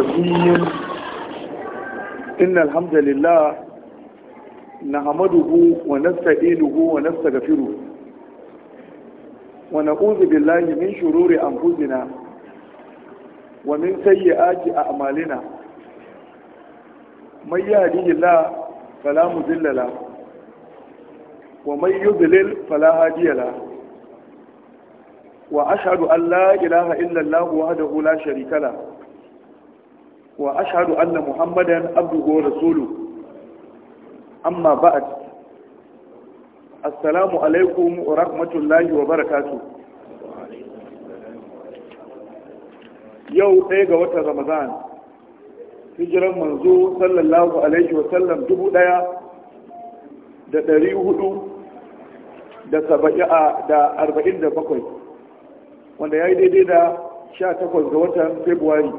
الرجيم إن الحمد لله نحمده ونستعينه ونستغفره ونعوذ بالله من شرور أنفسنا ومن سيئات أعمالنا من يهديه الله فلا مضل له ومن يضلل فلا هادي له وأشهد أن لا إله إلا الله وحده لا شريك له wa ashadu anna muhammadan abduhu wa rasuluhu amma ba'd assalamu alaikum wa rahmatullahi wa barakatuh yau ɗaya ga watan ramadan hijiran manzo sallallahu alaihi wa sallam dubu ɗaya da ɗari hudu da saba'i a da arba'in da bakwai wanda ya yi daidai da sha takwas ga watan februari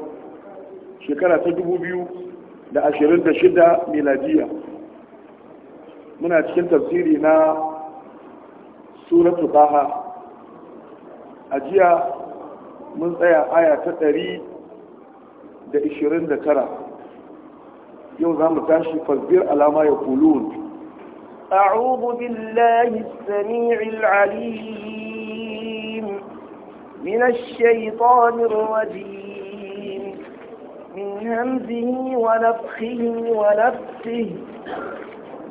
shekara ta dubu biyu da ashirin da shida miladiya muna cikin tafsiri na suratu baha a jiya mun tsaya aya ta ɗari da ishirin da tara yau za mu tashi fasbir alama ya kulun أعوذ بالله السميع العليم من الشيطان الرجيم همزه ونفخه ونفسه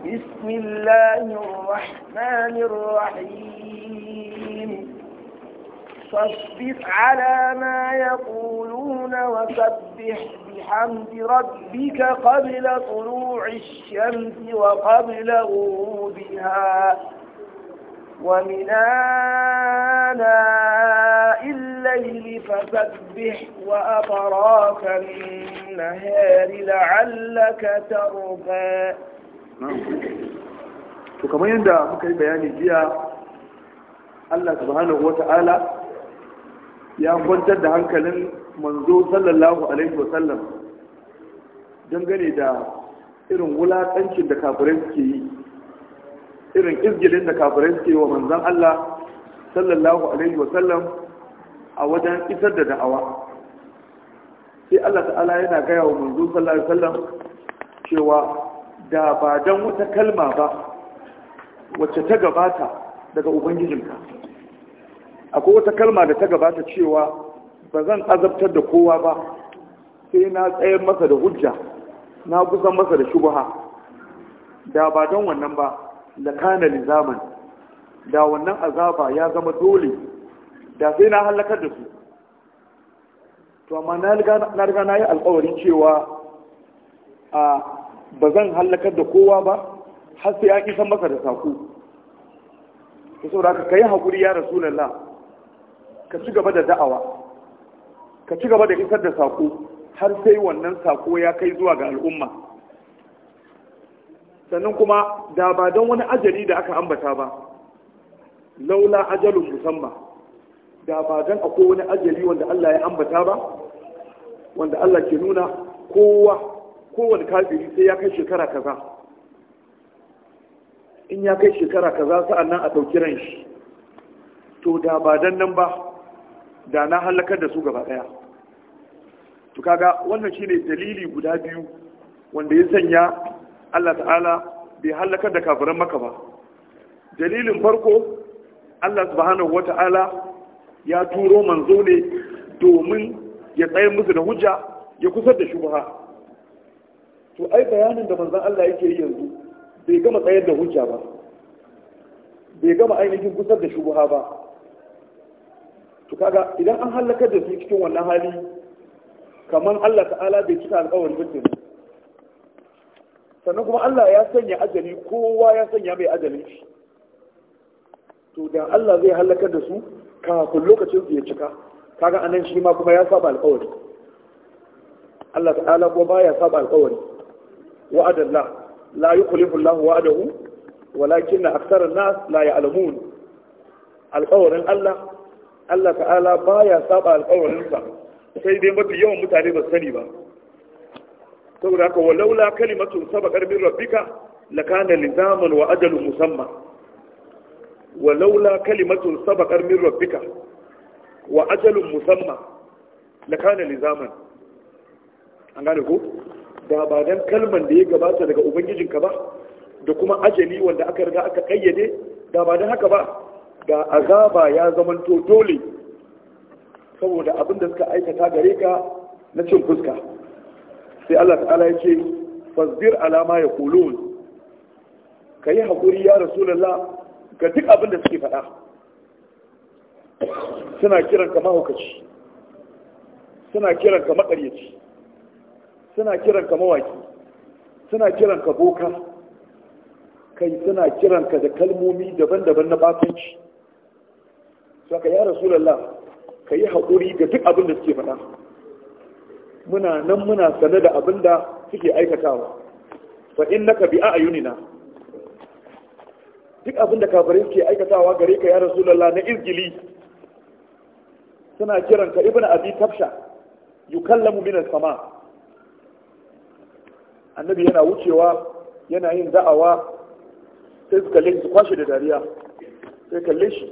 بسم الله الرحمن الرحيم فاصبر على ما يقولون وسبح بحمد ربك قبل طلوع الشمس وقبل غروبها ومن آناء بالليل فسبح وأطراف النهار لعلك ترضى to kamar yadda muka yi bayani jiya Allah subhanahu wata'ala ya kwantar da hankalin manzo sallallahu alaihi wasallam dangane da irin wulaƙancin da kafirai suke yi irin izgilin da kafirai suke wa manzon Allah sallallahu alaihi wasallam a wajen isar da da'awa sai Allah ta'ala yana gaya wa manzo sallallahu alaihi wasallam cewa da ba dan wata kalma ba wacce ta gabata daga ubangijinka akwai wata kalma da ta gabata cewa ba zan azabtar da kowa ba sai na tsayar masa da hujja na kusan masa da shubha da ba don wannan ba da kana lizaman da wannan azaba ya zama dole da sai na halakar da su to amma na riga na yi alkawarin cewa a ba zan halakar da kowa ba har sai an isa masa da saku ta saboda ka yi haƙuri ya rasu lalla, ka ci gaba da da'awa ka ci gaba da isar da saƙo har sai wannan saƙo ya kai zuwa ga al'umma sannan kuma da ba don wani ajali da aka ambata ba laula ajalun musamman da ba dan akwai wani ajali wanda Allah ya ambata ba wanda Allah ke nuna kowa kowane kafiri sai ya kai shekara kaza in ya kai shekara kaza sa'annan a ɗauki ran shi to da ba dan nan ba da na halakar da su gaba ɗaya to kaga wannan shine dalili guda biyu wanda ya sanya Allah ta'ala bai halakar da kafiran maka ba dalilin farko Allah subhanahu wata'ala ya turo manzo ne domin ya tsaye musu da hujja ya kusar da shubha to ai bayanin da manzon Allah yake yi yanzu bai gama tsayar da hujja ba bai gama ainihin kusar da shubha ba to kaga idan an halakar da su cikin wannan hali kamar Allah ta'ala bai cika alƙawarin mutum sannan kuma Allah ya sanya ajali kowa ya sanya mai ajalin shi to da Allah zai halakar da su kafin lokacin su ya cika kaga anan shi ma kuma ya saba alkawari Allah ta'ala kuma baya saba alkawari wa'adan la la yukhlifu Allah wa'adahu walakin akthar an-nas la ya'lamun alƙawarin Allah Allah ta'ala baya saba alƙawarin sa sai dai mafi yawan mutane ba sani ba saboda haka walaula kalimatun sabaqar min rabbika lakana lizaman wa ajalun musamma wa laula kalimatun sabaqar min rabbika wa ajalun musamma lakana li zaman an gane ko da ba dan kalman da ya gabata daga ubangijin ka ba da kuma ajali wanda aka riga aka kayyade da ba dan haka ba da azaba ya zamanto dole saboda abin da suka aikata gare ka na cin fuska sai Allah ta'ala ya ce fasdir alama ya kulun ka yi ya rasulullah ga duk abin da suke faɗa suna kiran ka mahaukaci suna kiran ka makaryaci suna kiran ka mawaki suna kiran ka boka kai suna kiran ka da kalmomi daban-daban na batanci saka ya rasulallah ka yi haƙuri ga duk abin da suke faɗa muna nan muna sane da abin da suke aikatawa fa innaka bi a'yunina duk abin da kafirai suke aikatawa gare ka ya rasu lalla na izgili suna kiran ka ibn abi tafsha yukallamu min sama annabi yana wucewa yana yin da'awa sai su kalle su kwashe da dariya sai kalle shi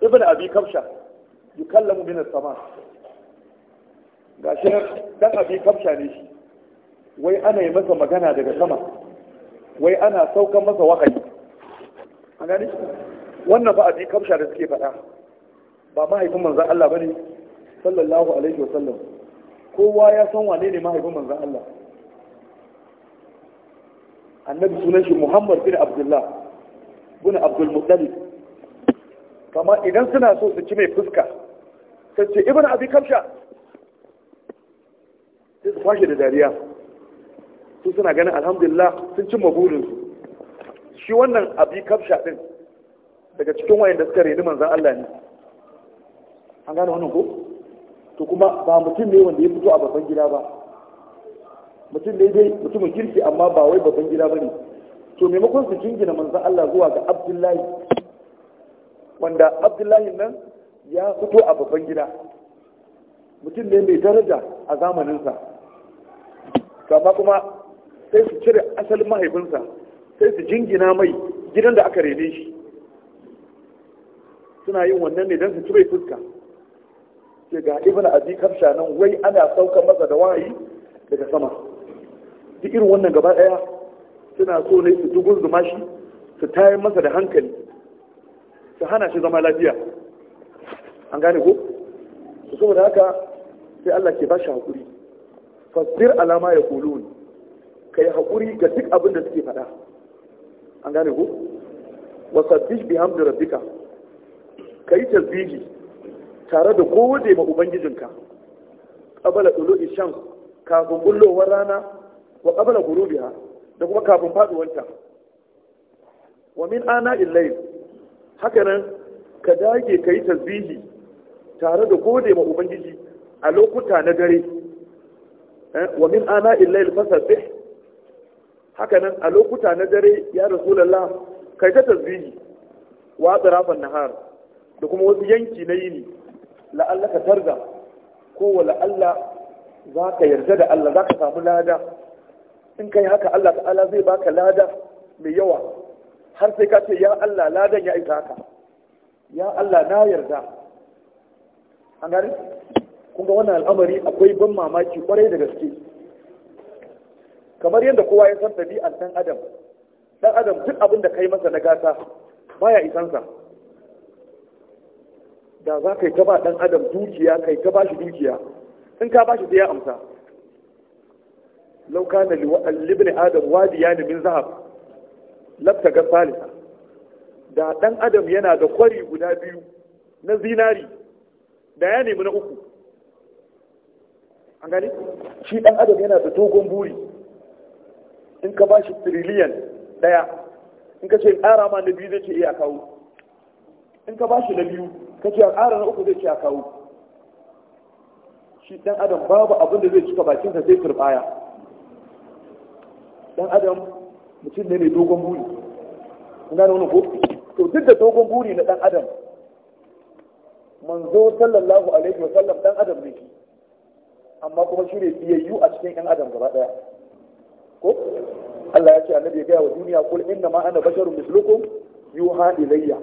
ibn abi kafsha yukallamu min sama gashi dan abi tafsha ne shi wai ana yi masa magana daga sama wai ana saukan masa wahayi a wannan ba a ji kamsha da suke faɗa ba mahaifin manzan Allah ba ne sallallahu alaihi wa sallam kowa ya san wane ne mahaifin manzan Allah annabi sunan shi Muhammad bin Abdullah bin Abdul Muttalib kama idan suna so su ci mai fuska sai ce ibn abi kamsha sai su fashe da dariya su suna ganin alhamdulillah sun cimma burinsu shi wannan abi kafsha din daga cikin wayanda suka reni manzan Allah ne an gane wannan ko to kuma ba mutum ne wanda ya fito a babban gida ba mutum ne dai mutumin kirki amma ba wai babban gida bane to maimakon su jingina manzan Allah zuwa ga Abdullahi wanda Abdullahi nan ya fito a babban gida mutum ne mai daraja a zamaninsa amma kuma sai su cire asalin mahaifinsa sai su jingina mai gidan da aka rene shi suna yin wannan ne don su cire fuska sai ga ibn abi kafsha nan wai ana sauka masa da wayi daga sama duk irin wannan gaba daya suna so ne su dugun zuma shi su tayar masa da hankali su hana shi zama lafiya an gane ko su saboda haka sai Allah ke ba shi hakuri fasir alama ya kulun ka yi hakuri ga duk abin da suke faɗa an gane ku wasabbih bihamdi rabbika kai tasbihi tare da gode ma ubangijinka qabala tulu'i ishan kafin bullowar rana wa qabala ghurubiha da kuma kafin faduwanta wa min ana illayl haka nan ka dage kai tasbihi tare da gode ma ubangiji a lokuta na dare eh, wa min ana illayl fasabbih Haka nan, a lokuta na dare ya rasulullah kai ta tasbihi wa atrafan nahar da kuma wasu yanki na yini la'alla ka targa. ko wa la'alla za ka yarda da Allah za ka samu lada in kai haka Allah ta'ala zai baka lada mai yawa har sai ka ce ya Allah ladan ya isa haka ya Allah na yarda an gani kun ga wannan al'amari akwai ban mamaki kwarai da gaske kamar yadda kowa ya san ɗabi'ar ɗan adam ɗan adam duk abin da kai masa na gata baya isansa da za ka yi ta ba ɗan adam dukiya ka yi ta ba shi dukiya in ka ba shi sai ya amsa lauka na libni adam wadi ya nemi zahab labta ga salisa da ɗan adam yana da kwari guda biyu na zinari da ya nemi na uku an gani shi ɗan adam yana da dogon buri in ka ba shi tiriliyan ɗaya in ka ce ƙara ma na biyu zai ce iya eh, kawo in ka ba shi na biyu ka ce ƙara na uku zai ce a kawo shi ɗan adam babu abin da zai cika bakinsa sai turbaya ɗan adam mutum ne mai dogon buri gane wani ko to duk da dogon buri na ɗan adam manzo sallallahu alaihi wa sallam ɗan adam ne shi amma kuma shi ne biyayyu a cikin ɗan adam gaba ɗaya ko Allah ya ce annabi ya gaya wa duniya kul inna ma ana basharun mislukum yuha ilayya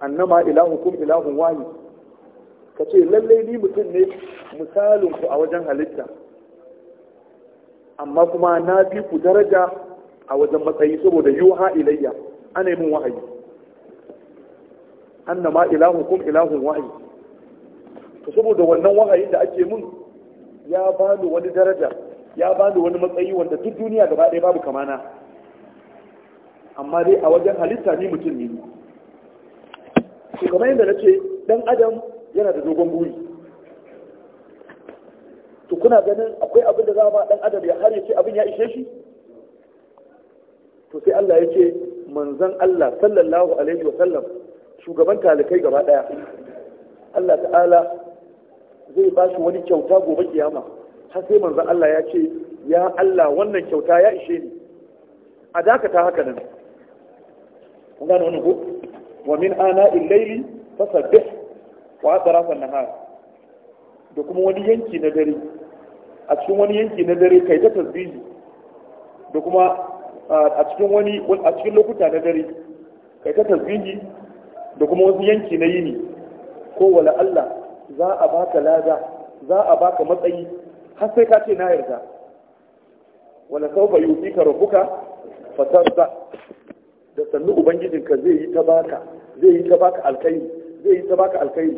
annama ilahukum ilahun wahid ka ce lallai ni mutum ne misalin ku a wajen halitta amma kuma na fi ku daraja a wajen matsayi saboda yuha ilayya ana yi min wahayi annama ilahukum ilahun wahid to saboda wannan wahayin da ake mun ya bani wani daraja ya bani wani matsayi wanda duk duniya gaba ɗaya babu kamana amma dai a wajen halitta ni mutum ne to kamar yadda na ce ɗan adam yana da dogon buri to kuna ganin akwai abin da za ba ɗan adam ya har ya ce abin ya ishe shi to sai Allah ya ce manzon Allah sallallahu alaihi wa sallam shugaban talikai gaba ɗaya. Allah ta'ala zai ba shi wani kyauta gobe kiyama har sai manzo Allah ya ce ya Allah wannan kyauta ya ishe ni a dakata haka nan kun gane wannan ko wa min ana illaili fasabbih wa atrafa nahar da kuma wani yanki na dare a cikin wani yanki na dare kai ta tasbihi da kuma a cikin wani a cikin lokuta na dare kai ta tasbihi da kuma wasu yanki na yini ko wala Allah za a baka lada za a baka matsayi har sai ka ce na yarda wala ka yutika rabbuka fatarda da sannu ubangijinka zai yi ta baka zai yi ta baka alkai zai yi ta baka alkai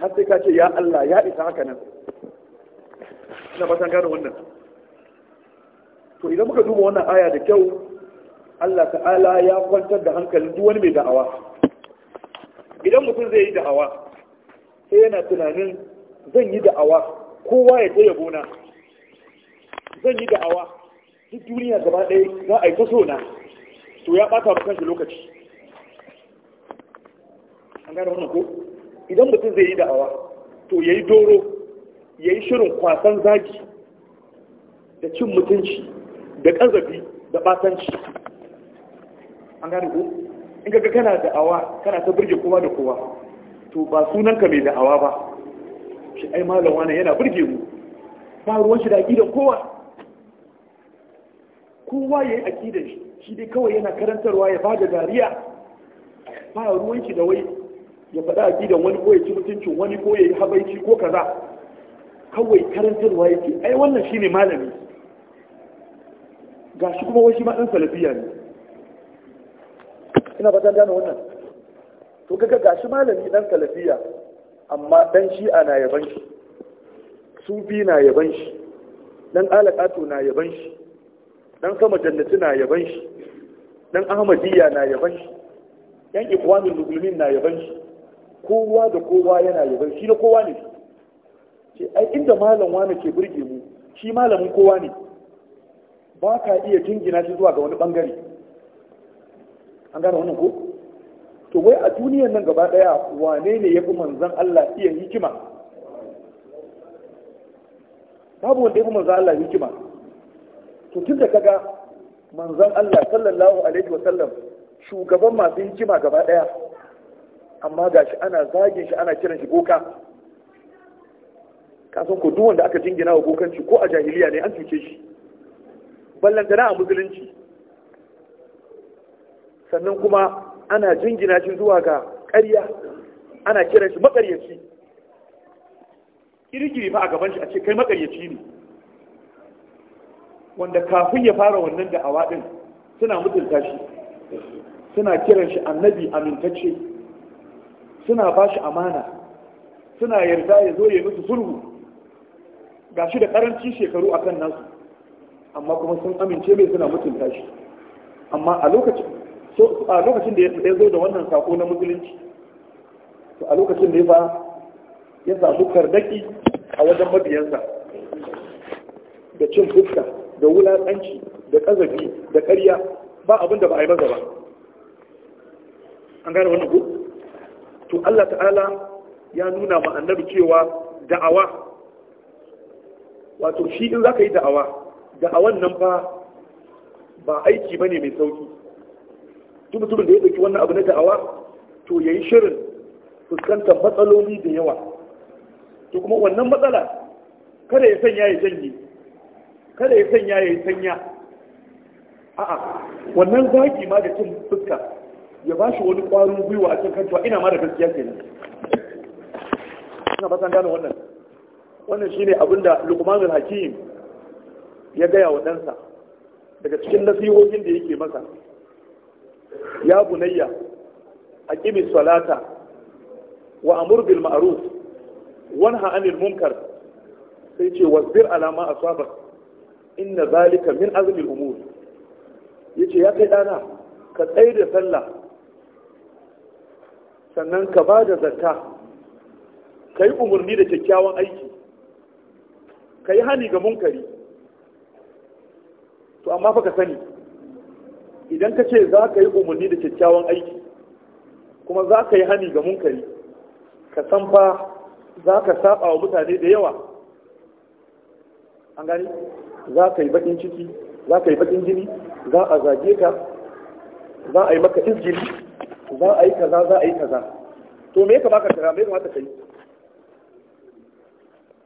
har sai ka ce ya Allah ya isa haka nan ina ba san gane wannan to idan muka duba wannan aya da kyau Allah ta'ala ya kwantar da hankalin duk wani mai da'awa idan mutum zai yi da'awa sai yana tunanin zan yi da'awa kowa ya ta yabo na zan yi da'awa duk duniya gaba ɗaya za a yi ta na to ya ɓata ba kanshi lokaci an gane wannan ko idan mutum zai yi da'awa to ya yi doro ya yi shirin kwasan zagi da cin mutunci da ƙazafi da ɓatanci an gane ko in ga kana da'awa kana ta birge kowa da kowa to ba sunanka mai da'awa ba shi ai malam wani yana birge mu ba ruwan shi da kowa kowa ya yi akidar shi shi dai kawai yana karantarwa ya bada dariya ba ruwanki da wai ya faɗa akidan wani ko ya ci mutuncin wani ko ya yi habaici ko kaza kawai karantarwa ya ke, ai wannan shi ne malami Ga shi kuma wasu shi ma ɗan salafiya ne ina ba gane wannan to kaga shi malami ɗan salafiya amma ɗan shi'a na yaban shi sufi na yaban shi ɗan alaƙato na yaban shi dan sama jannati na yaban shi dan ahmadiyya na yaban shi yan ikwanin musulmin na yaban shi kowa da kowa yana yaban shi na kowa ne ce ai inda malam wani ke burge mu shi malamin kowa ne ba ka iya jingina shi zuwa ga wani bangare an gane wannan ko to wai a duniyar nan gaba daya wane ne ya fi manzan Allah iya hikima babu wanda ya fi Allah hikima to tun da kaga manzon Allah sallallahu alaihi wa sallam shugaban masu hikima gaba daya amma gashi ana zagin shi ana kiran shi boka san ko duk wanda aka jingina wa bokanci ko a jahiliya ne an cuce shi ballantana a musulunci sannan kuma ana jingina shi zuwa ga ƙarya ana kiran shi maƙaryaci iri fa a gaban shi a ce kai maƙaryaci ne wanda kafin ya fara wannan da awadin suna mutunta shi suna kiran shi annabi amintacce suna ba shi amana suna yarda ya zo ya musu sulhu ga shi da karanci shekaru akan nasu amma kuma sun amince mai suna mutunta shi amma a lokacin da ya zo da wannan sako na musulunci to a lokacin da ya ba ya samu kardaki a wajen mabiyansa da cin fuska da wulaƙanci da ƙazafi da ƙarya ba abin da ba a yi maza ba an gane wannan ku to Allah ta'ala ya nuna ma annabi cewa da'awa wato shi in za ka yi da'awa da'awan nan fa ba aiki ba ne mai sauki duk mutumin da ya ɗauki wannan abu na da'awa to ya yi shirin fuskantar matsaloli da yawa to kuma wannan matsala kada ya sanya ya janye kada ya sanya ya yi sanya a'a wannan zaki ma da cin fuska ya ba shi wani ƙwarin gwiwa a cin kancewa ina ma da gaskiya ke nan ina ba san gano wannan wannan shine abin da lukmanul hakim ya gaya wa ɗansa daga cikin nasihohin da yake masa ya bunayya a ƙibi salata wa amur bil ma'ruf wani anil munkar sai ce wasbir alama a sabar inna zalika min azmi al-umur yace ya kai dana ka tsaye da sallah sannan ka ba da zakka ka yi umarni da kyakkyawan aiki ka yi hani ga munkari to amma fa ka sani idan ka ce za ka yi umarni da kyakkyawan aiki kuma za ka yi hani ga munkari ka san fa za ka saba wa mutane da yawa an gani za ka yi baƙin ciki za ka yi baƙin jini za a zage ka za a yi maka izgili za a yi kaza za a yi kaza to me ka baka tara me ka mata kai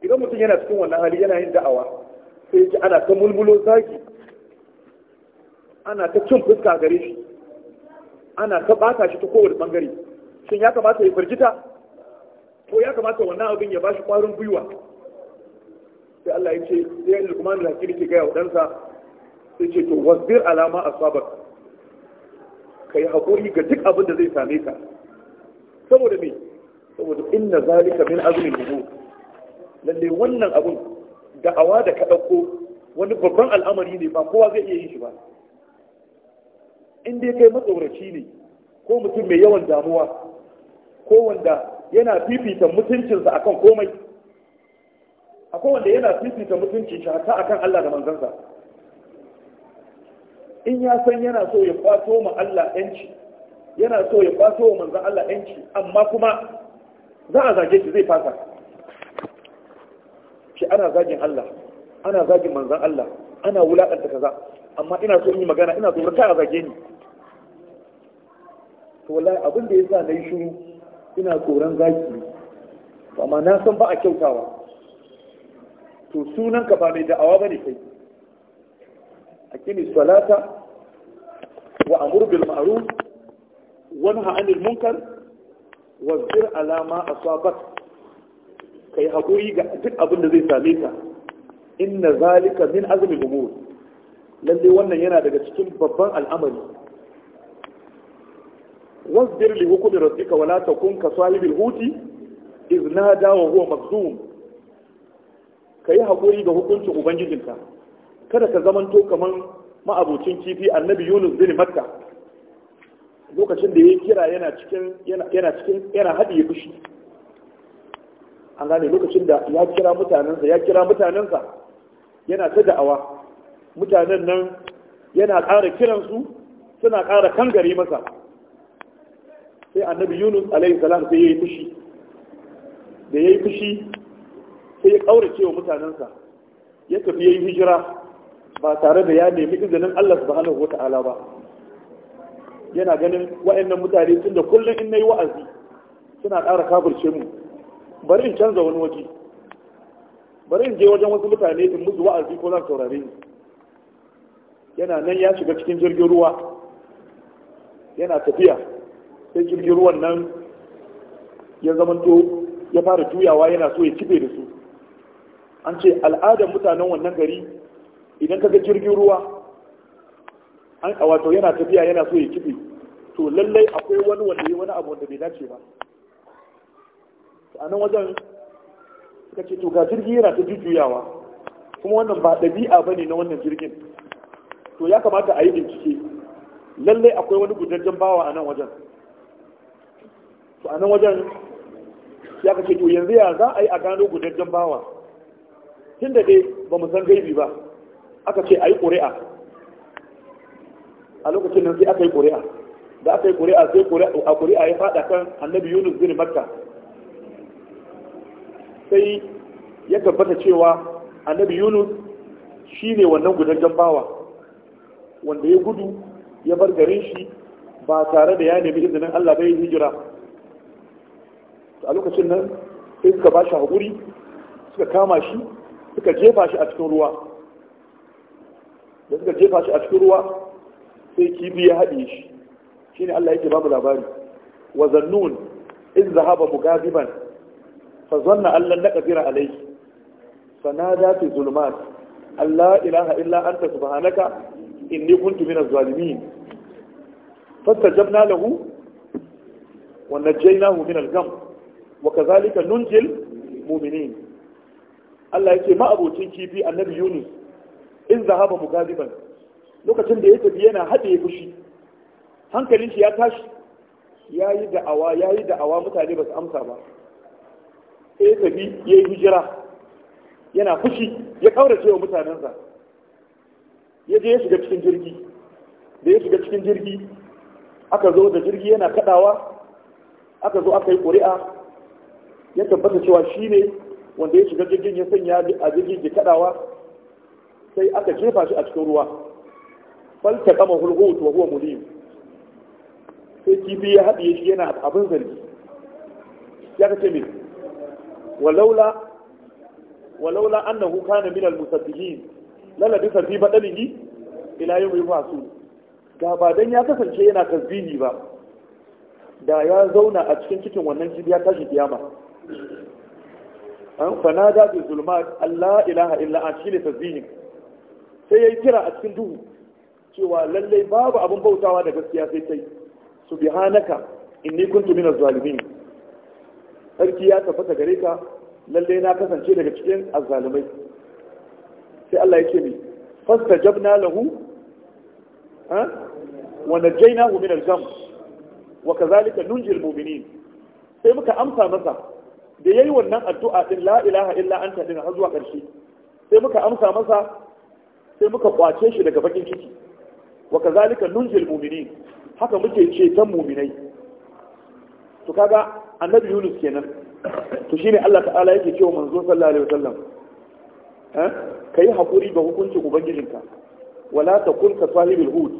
idan mutum yana cikin wannan hali yana yin da'awa sai ji ana ta mulmulo zaki, ana ta cin fuska gare shi ana ta bata shi ta kowane bangare shin ya kamata ya firgita ko ya kamata wannan abin ya bashi kwarin gwiwa sai Allah ya ce sai Luqman da Hakim ke gaya wa ɗansa sai ce to wasbir alama asabak kai haƙuri ga duk abin da zai same ka saboda me saboda inna zalika min azmi al lalle wannan abun da awa da ka dauko wani babban al'amari ne ba kowa zai iya yin shi ba in dai kai matsoraci ne ko mutum mai yawan damuwa ko wanda yana fifita mutuncinsa akan komai Kowanne yana fifita mutunci shi hatta akan Allah da manzansa in ya san yana so ya kwato ma Allah yanci yana so ya kwato wa manzan Allah yanci amma kuma za a zage shi zai fasa shi ana zagin Allah ana zagin manzan Allah ana wulaƙanta kaza amma ina so in yi magana ina so kai a zage ni to wallahi abin da yasa na yi shiru ina tsoron zaki amma na san ba a kyautawa to sunanka ba mai da'awa ba ne kai akimi salata wa amur bil Ma'aru, wani nahy munkar wa zir a ma asabak kai hakuri ga duk abin da zai same ka inna zalika min azumin umur lalle wannan yana daga cikin babban al'amari Wasu li hukmi rabbika wa ta kun ka sahibil huti idh wa huwa ka yi haƙuri da hukuncin ubangijinka kada ka to kamar ma'abocin kifi annabi yunus bin makka lokacin da ya yi kira yana cikin yana cikin yana haɗiye fushi an gane lokacin da ya kira mutanensa ya kira mutanensa yana ta da'awa mutanen nan yana ƙara kiransu suna ƙara kangare masa sai annabi yunus alaihi salam sai ya yi fushi da ya yi fushi sai ya kaurace cewa mutanensa ya tafi yayin hijira ba tare da ya nemi izinin Allah subhanahu wata'ala ba yana ganin wa'annan mutane tun da kullum in nayi wa'azi suna ƙara kafirce mu bari in canza wani waje bari in je wajen wasu mutane in musu wa'azi ko zan saurari. saurare yana nan ya shiga cikin jirgin ruwa yana tafiya sai jirgin ruwan nan ya zamanto ya fara juyawa yana so ya kife da su an ce al'adar mutanen wannan gari idan ka ga jirgin ruwa an wato yana tafiya yana so ya kife to lallai akwai wani wanda ya wani abu wanda bai dace ba a nan wajen ka ce to ga jirgi yana ta jujjuyawa kuma wannan ba ɗabi'a ba ne na wannan jirgin to ya kamata a yi bincike lallai akwai wani gudanjen bawa a nan wajen to a nan wajen ya kace to yanzu ya za a yi a gano gudanjen bawa tun da dai ba mu san gaibi ba aka ce a yi ƙuri'a a lokacin nan sai aka yi ƙuri'a da aka yi ƙuri'a sai a ƙuri'a ya faɗa kan annabi yunus zini makka sai ya tabbata cewa annabi yunus shi ne wannan gudanjen bawa wanda ya gudu ya bar garin shi ba tare da ya nemi izinin allah bai hijira a lokacin nan sai suka ba shi haƙuri suka kama shi suka jefa shi a cikin ruwa da suka jefa shi a cikin ruwa sai kibi ya haɗe shi shine Allah yake babu labari wa zannun in zahaba mugadiban fa zanna Allah na kadira alayhi fanada fi zulumat Allah ilaha illa anta subhanaka inni kuntu minaz zalimin fastajabna lahu wa najaynahu min al-gham wa kadhalika nunjil mu'minin Allah yake ma abocin kifi annabi Yunus in zahaba mugadiban lokacin da ya tafi yana haɗe fushi hankalin shi ya tashi yayi da'awa yayi da'awa mutane ba su amsa ba sai ya tafi yayi hijira yana fushi ya kaurace wa mutanensa ya je ya shiga cikin jirgi da ya shiga cikin jirgi aka zo da jirgi yana kaɗawa, aka zo aka yi ƙuri'a ya tabbata cewa shi ne wanda ya shiga jirgin ya sanya a jirgin ke kadawa sai aka jefa shi a cikin ruwa falta kama hulhu wa huwa mulim sai kifi ya haɗe shi yana abin zargi ya kace me walaula walaula annahu kana min al-musaddiqin lalla bi fi badalihi ila yawmi masu. ga ba dan ya kasance yana tasbihi ba da ya zauna a cikin cikin wannan kibiya tashi kiyama fana da bi zulmat Allah ilaha illa an ne tasbihin sai yayi kira a cikin duhu cewa lalle babu abin bautawa da gaskiya sai kai in ni kuntu minaz zalimin sarki ya tabbata gare ka lalle na kasance daga cikin azzalumai sai Allah ya ce mi fastajabna lahu ha wa najaynahu min al-gham wa kadhalika nunjil mu'minin sai muka amsa masa da yayi wannan addu'a din la'ilaha ilaha illa anta din har zuwa ƙarshe sai muka amsa masa sai muka kwace shi daga bakin ciki wa kazalika nunjil mu'minin haka muke ceton mu'minai to kaga annabi Yunus kenan to shine Allah ta'ala yake cewa manzo sallallahu alaihi wasallam eh, Ka yi hakuri ga hukuncin ubangijinka wala ta ka sahibul hud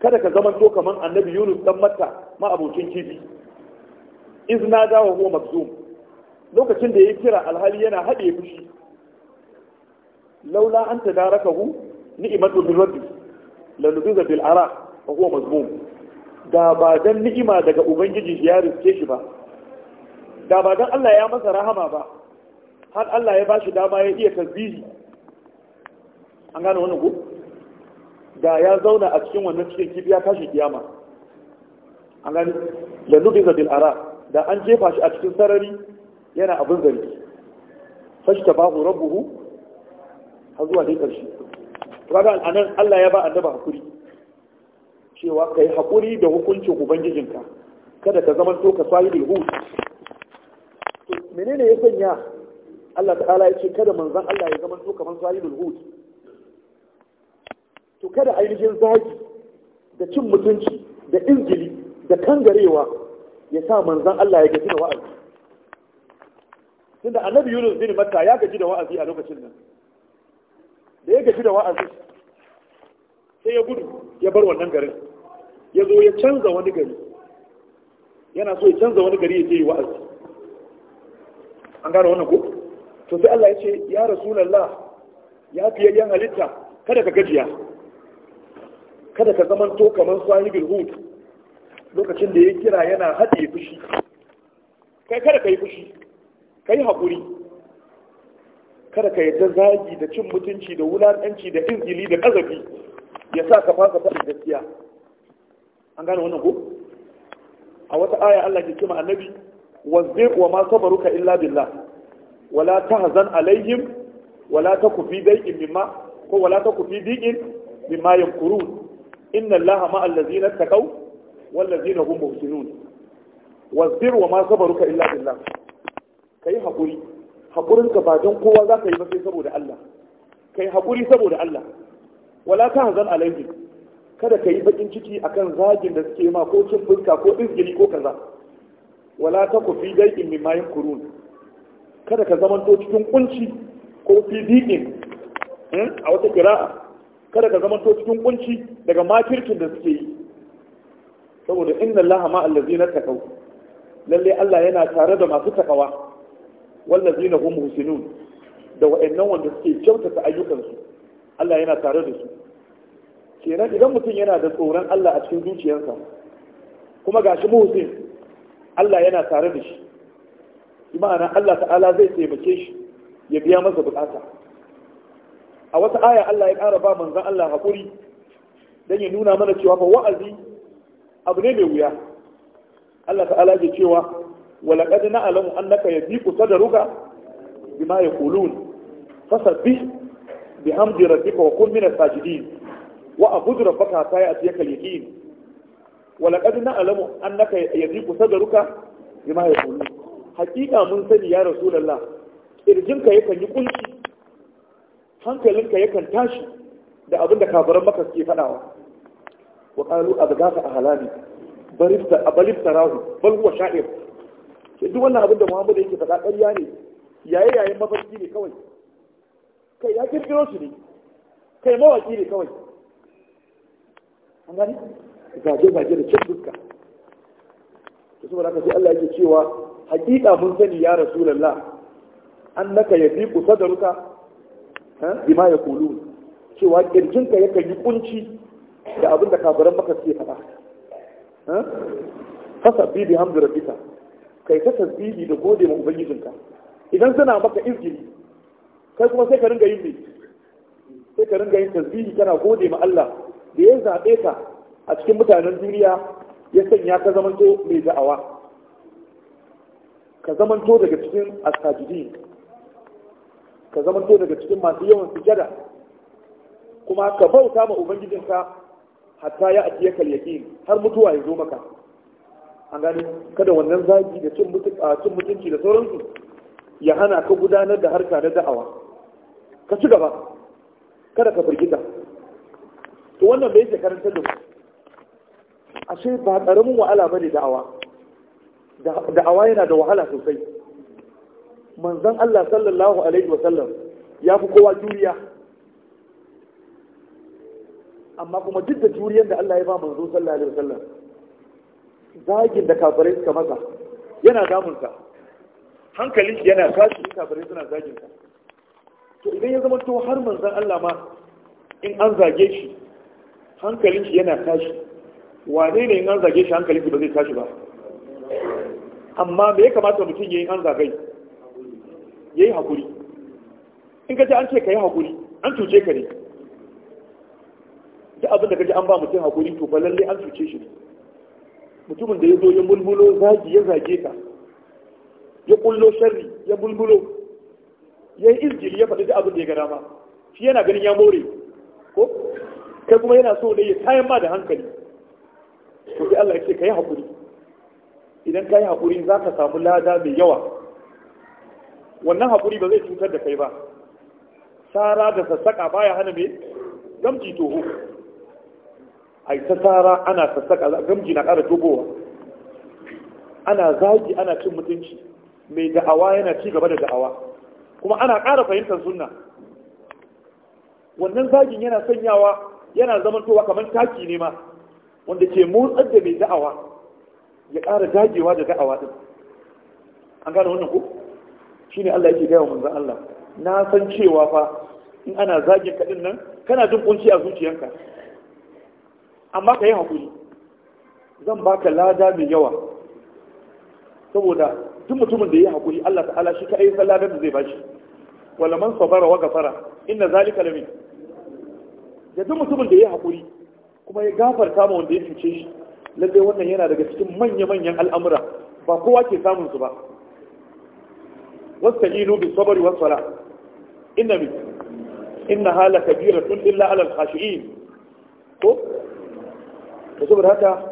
kada ka zamanto to kaman annabi Yunus dan matta ma abokin kifi izna da wa huwa lokacin da ya kira alhali yana haɗe fushi laula an tadarakahu ni'matu min rabbi la nubiza bil ara wa huwa mazmum da ba dan ni'ima daga ubangiji ya riske shi ba da ba dan Allah ya masa rahama ba har Allah ya bashi dama ya iya tasbihi an gane wannan ko da ya zauna a cikin wannan cikin kifi ya tashi kiyama an gane la nubiza bil ara da an jefa shi a cikin sarari yana abin zargi fashta babu rabbuhu har zuwa dai karshe kaga al'anar Allah ya ba annaba hakuri cewa ka yi hakuri da hukuncin ubangijinka kada ka zama to ka sayi bilhu menene ya sanya Allah ta'ala ya ce kada manzan Allah ya zama to man sayi bilhu to kada ainihin zaki da cin mutunci da injili da kangarewa ya sa manzan Allah ya gaji da wa'azi tunda annabi yunus bin makka ya gaji da wa'azi a lokacin nan da ya gaji da wa'azi sai ya gudu ya bar wannan garin ya zo ya canza wani gari yana so ya canza wani gari ya je yi wa'azi an gara wannan ko to sai Allah ya ce ya rasulullah ya fiye yan halitta kada ka gajiya kada ka zaman to kamar sahibul hud lokacin da ya kira yana haɗe fushi kai kada ka yi fushi kai haƙuri kada ka yadda zagi da cin mutunci da wulaƙanci da izgili da ƙazafi ya sa ka fasa faɗin gaskiya an gane wannan ko a wata aya Allah ke cewa annabi wazir wa ma sabaruka illa billah wala ta hazan alaihim wala taku fi daikin mimma ko wala taku fi diqin mimma yamkurun inna allaha ma allazina taqaw wal ladzina hum muhsinun wazir wa ma sabaruka illa billah ka yi haƙuri haƙurinka ba don kowa za ka yi ba sai saboda Allah ka yi haƙuri saboda Allah wala ka hanzar alaihi kada ka yi baƙin ciki akan zagin da suke ma ko cin fuska ko izgili ko kaza wala ta ku fi daikin min mayin kurun kada ka zamanto cikin kunci ko fi dikin hmm, a wata kira'a kada ka zamanto cikin kunci daga makirkin da suke yi saboda inna allaha ma allazina taqaw lalle Allah yana tare da masu takawa na hum muhsinun da wa'annan wanda suke kyautata ayyukansu Allah yana tare da su kenan idan mutum yana da tsoron Allah a cikin zuciyarsa kuma ga gashi muhsin Allah yana tare da shi imana Allah ta'ala zai taimake shi ya biya masa bukata a wata aya Allah ya ƙara ba manzon Allah haƙuri don ya nuna mana cewa fa wa'azi abu ne mai wuya Allah ta'ala ke cewa ولقد نعلم أنك يضيق صدرك بما يقولون فسبح بحمد ربك وكن من الساجدين وأبد ربك حتى يأتيك اليقين ولقد نعلم أنك يضيق صدرك بما يقولون حقيقة من سني يا رسول الله إرجمك يكن يقول hankalinka yakan tashi da abin da kafiran maka suke faɗawa wa qalu abghafa ahlami barista abalif tarahu bal huwa sha'ir Yadda duk wannan abin da muhammadu yake faɗa ƙarya ne yaye yayin mafarki ne kawai kai ya kirkiro su ne kai mawaki ne kawai an gani zage zage da cin duka. da su ka sai Allah yake cewa hakika mun sani ya rasulullah annaka yadiqu sadruka bima kulu. cewa kirjinka yakan yi kunci da abin da kafiran maka suke faɗa fasabbi bihamdi rabbika kai ta tasbihi da gode ma ubangijinka idan suna maka izini, kai kuma sai ka ringa yin me sai ka ringa yin tasbihi kana gode ma Allah da ya zabe ka a cikin mutanen duniya ya sanya ka zamanto mai da'awa ka zamanto daga cikin asajidi ka zamanto daga cikin masu yawan sujada kuma ka bauta ma ubangijinka hatta ya ajiye al har mutuwa ya zo maka an gani kada wannan zagi da cin mutunci da sauransu ya hana ka gudanar da harka na da'awa ka ci gaba kada ka firgita to wannan bai ce karanta da ashe ba karamin wahala bane da'awa da'awa yana da wahala sosai manzon Allah sallallahu alaihi wa sallam ya fi kowa juriya amma kuma duk da juriyar da Allah ya ba manzo sallallahu alaihi wa sallam zagin da kafirai suka masa yana damunsa hankalin shi yana tashi kafirai suna zagin ka to idan ya zama to har manzon Allah ma in an zage shi hankalin shi yana tashi wane ne in an zage shi hankalin shi ba zai tashi ba amma me ya kamata mutum ya yi an zagai ya yi in ka ji an ce ka yi hakuri, an cuce ka ne da abin da ka ji an ba mutum hakuri, to ba lalle an cuce shi ne mutumin da ya zo ya bulbulo zagi ya zage ka ya kullo sharri ya bulbulo ya yi izgiri ya faɗi abin da ya gada ma shi yana ganin ya more ko kai kuma yana so ne ya kayan ma da hankali to sai Allah ya ce ka yi haƙuri idan kayi hakuri haƙuri za ka samu lada mai yawa wannan hakuri ba zai cutar da kai ba sara da sassaƙa baya hana mai gamji toho ai ta tsara ana sassaka gamji na ƙara tobowa ana zagi ana cin mutunci mai da'awa yana ci gaba da da'awa kuma ana ƙara fahimtar sunna wannan zagin yana sanyawa yana zamantowa kamar taki ne ma wanda ke motsar da mai da'awa ya ƙara dagewa da da'awa din an gane wannan ku? Shi ne Allah yake gaya wa manzon Allah na san cewa fa in ana zagin kaɗin nan kana jin kunci a zuciyarka. amma ka yi haƙuri zan baka lada mai yawa saboda duk mutumin da ya yi haƙuri Allah ta'ala shi kaɗai san ladar da zai bashi wala man sabara wa gafara inna zalika lamin da duk mutumin da ya yi haƙuri kuma ya gafarta ma wanda ya cuce shi lalle wannan yana daga cikin manya-manyan al'amura ba kowa ke samun su ba wasta'inu bis sabari sala inna min, inna hala tun illa alal khashi'in ko to saboda haka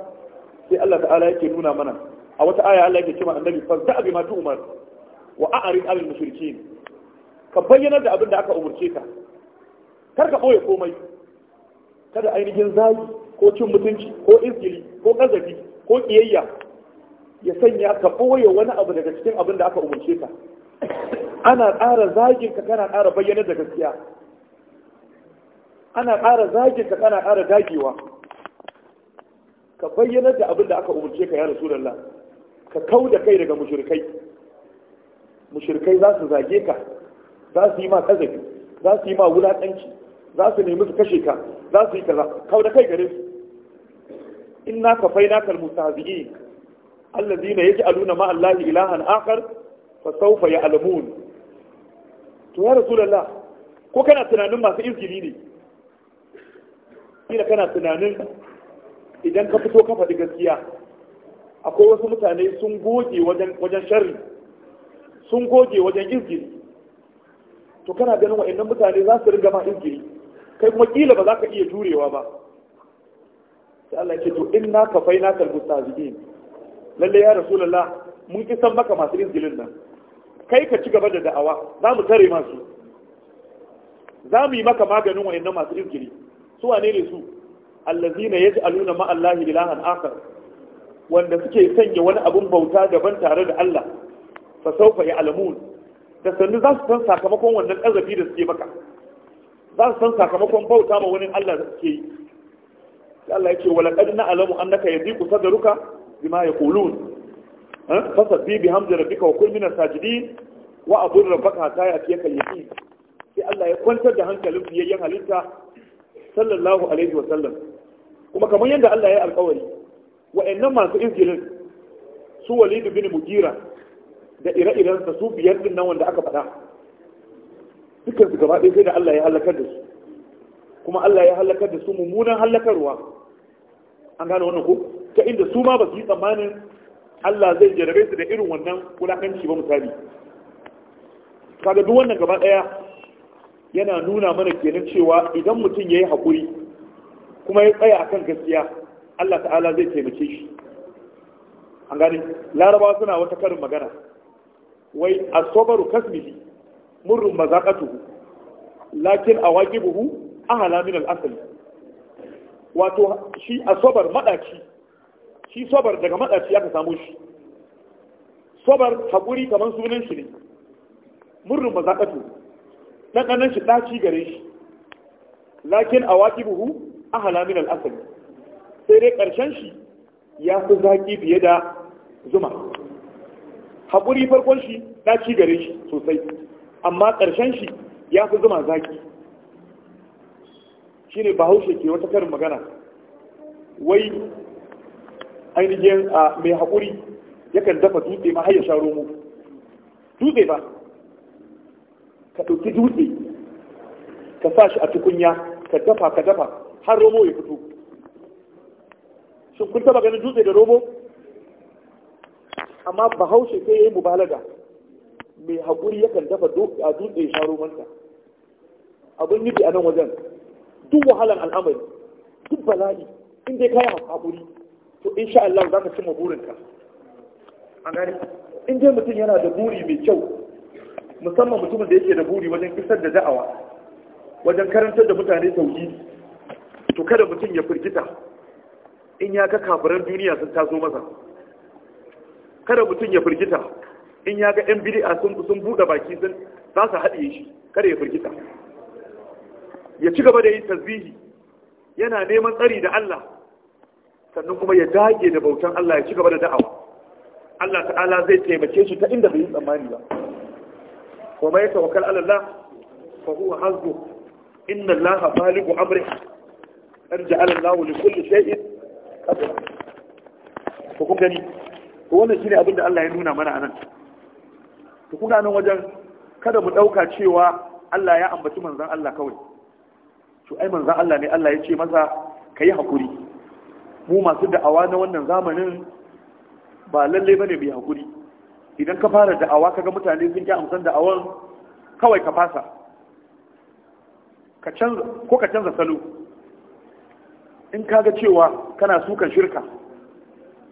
sai Allah ta'ala yake nuna mana a wata aya Allah yake cewa annabi fa za'a tu Umar. wa a'rid 'anil mushrikeen ka bayyana da abin da aka umurce ka kar ka boye komai kada ainihin zai ko cin mutunci ko izgili ko kazafi ko kiyayya ya sanya ka boye wani abu daga cikin abin da aka umurce ka ana ƙara zagin ka kana ƙara bayyana da gaskiya ana ƙara zagin ka kana ƙara dagewa ka bayyanar da abin da aka umarce ka ya rasulullah ka kau da kai daga mushrikai mushrikai za su zage ka za su yi ma kazafi za su yi ma wulaƙanci za su nemi su kashe ka za su yi kaza kau da kai gare su inna ka faina kal mustahzi'in allazina yaj'aluna ma allahi ilahan akhar fa sawfa ya'lamun to ya rasulullah ko kana tunanin masu izgili ne kila kana tunanin idan ka fito ka faɗi gaskiya akwai wasu mutane sun goge wajen sharri sun goge wajen izgiri to kana ganin wa'annan mutane za su ringa ma izgiri kai kuma kila ba za ka iya jurewa ba sai Allah ce to inna faina kal mustazibin lalle ya rasulullah mun ki san maka masu izgirin nan kai ka ci gaba da da'awa za mu tare masu za mu yi maka maganin wa'annan masu izgiri su wane ne su allazina yaj'aluna ma allahi ilahan akhar wanda suke sanya wani abin bauta daban tare da Allah fa sawfa ya'lamun da sannu za su san sakamakon wannan azabi da suke maka za su san sakamakon bauta ma wani Allah da suke yi Allah yake wala qad na'lamu annaka yadhiqu sadruka bima yaqulun fasabbi bihamdi rabbika wa kun min as-sajidin wa abur rabbaka hatta yatiyaka al-yaqin sai Allah ya kwantar da hankalin biyayyen halitta sallallahu alaihi wa sallam kuma kamar yadda Allah ya yi alkawari wa'annan masu izgilin su walidu bin mujira da ire-irensa su biyar din nan wanda aka faɗa dukkan su gaba ɗaya sai da Allah ya halakar da su kuma Allah ya halakar da su mummunan halakarwa an gane wannan ko ta inda su ma ba su yi tsammanin Allah zai jarabe su da irin wannan wulakanci ba misali kaga duk wannan gaba ɗaya yana nuna mana kenan cewa idan mutum ya yi haƙuri kuma ya tsaya kan gaskiya Allah ta'ala zai taimake shi an gane larabawa suna wata karin magana wai a asobaru kasmihi murrun mazaqatuhu lakin awaqibuhu buhu, an halamin al'asali wato shi a sobar maɗaci, shi sobar daga maɗaci aka samu shi sobar hakuri kaman sunan shi ne murrin mazaqatuhu dan kanan shi ɗaci gare shi lakin buhu. ahala min al'asali sai dai ƙarshen shi ya fi zaƙi fiye da zuma haƙuri farkon shi ci gare shi sosai amma ƙarshen shi ya fi zuma zaƙi shi ne bahaushe ke wata karin magana wai ainihin mai haƙuri yakan dafa dutse ma har ya sha dutse ba ka ɗauki dutse ka sa shi a tukunya ka dafa ka dafa har romo ya fito shin kun taba ganin dutse da romo amma bahaushe sai ya yi mubalaga mai haƙuri yakan dafa a dutse ya sha romanta abin nufi a nan wajen duk wahalan al'amari duk bala'i in dai kayan haƙuri to in Allah za ka cimma burinka an gani in dai mutum yana da buri mai kyau musamman mutumin da yake da buri wajen isar da da'awa wajen karantar da mutane tauhidi to kada mutum ya firgita in ya ga kafiran duniya sun taso masa kada mutum ya firgita in ya ga 'yan bidi'a sun sun buɗe baki sun za su haɗe shi kada ya firgita ya ci gaba da yin tasbihi yana neman tsari da Allah sannan kuma ya dage da bautan Allah ya ci gaba da da'awa Allah ta'ala zai taimake shi ta inda bai yi tsammani ba wa mai tawakkal ala Allah fa huwa inna Allah baligu amrihi kan ja'ala Allahu li kulli shay'in qadra to kun gani to wannan shine abin da Allah ya nuna mana anan to kun nan wajen kada mu dauka cewa Allah ya ambaci manzon Allah kawai to ai manzon Allah ne Allah ya ce masa kai hakuri mu masu da'awa na wannan zamanin ba lalle bane bi hakuri idan ka fara da'awa kaga mutane sun ki amsan da'awan kawai ka fasa ka canza ko ka canza salo in kaga cewa kana sukan shirka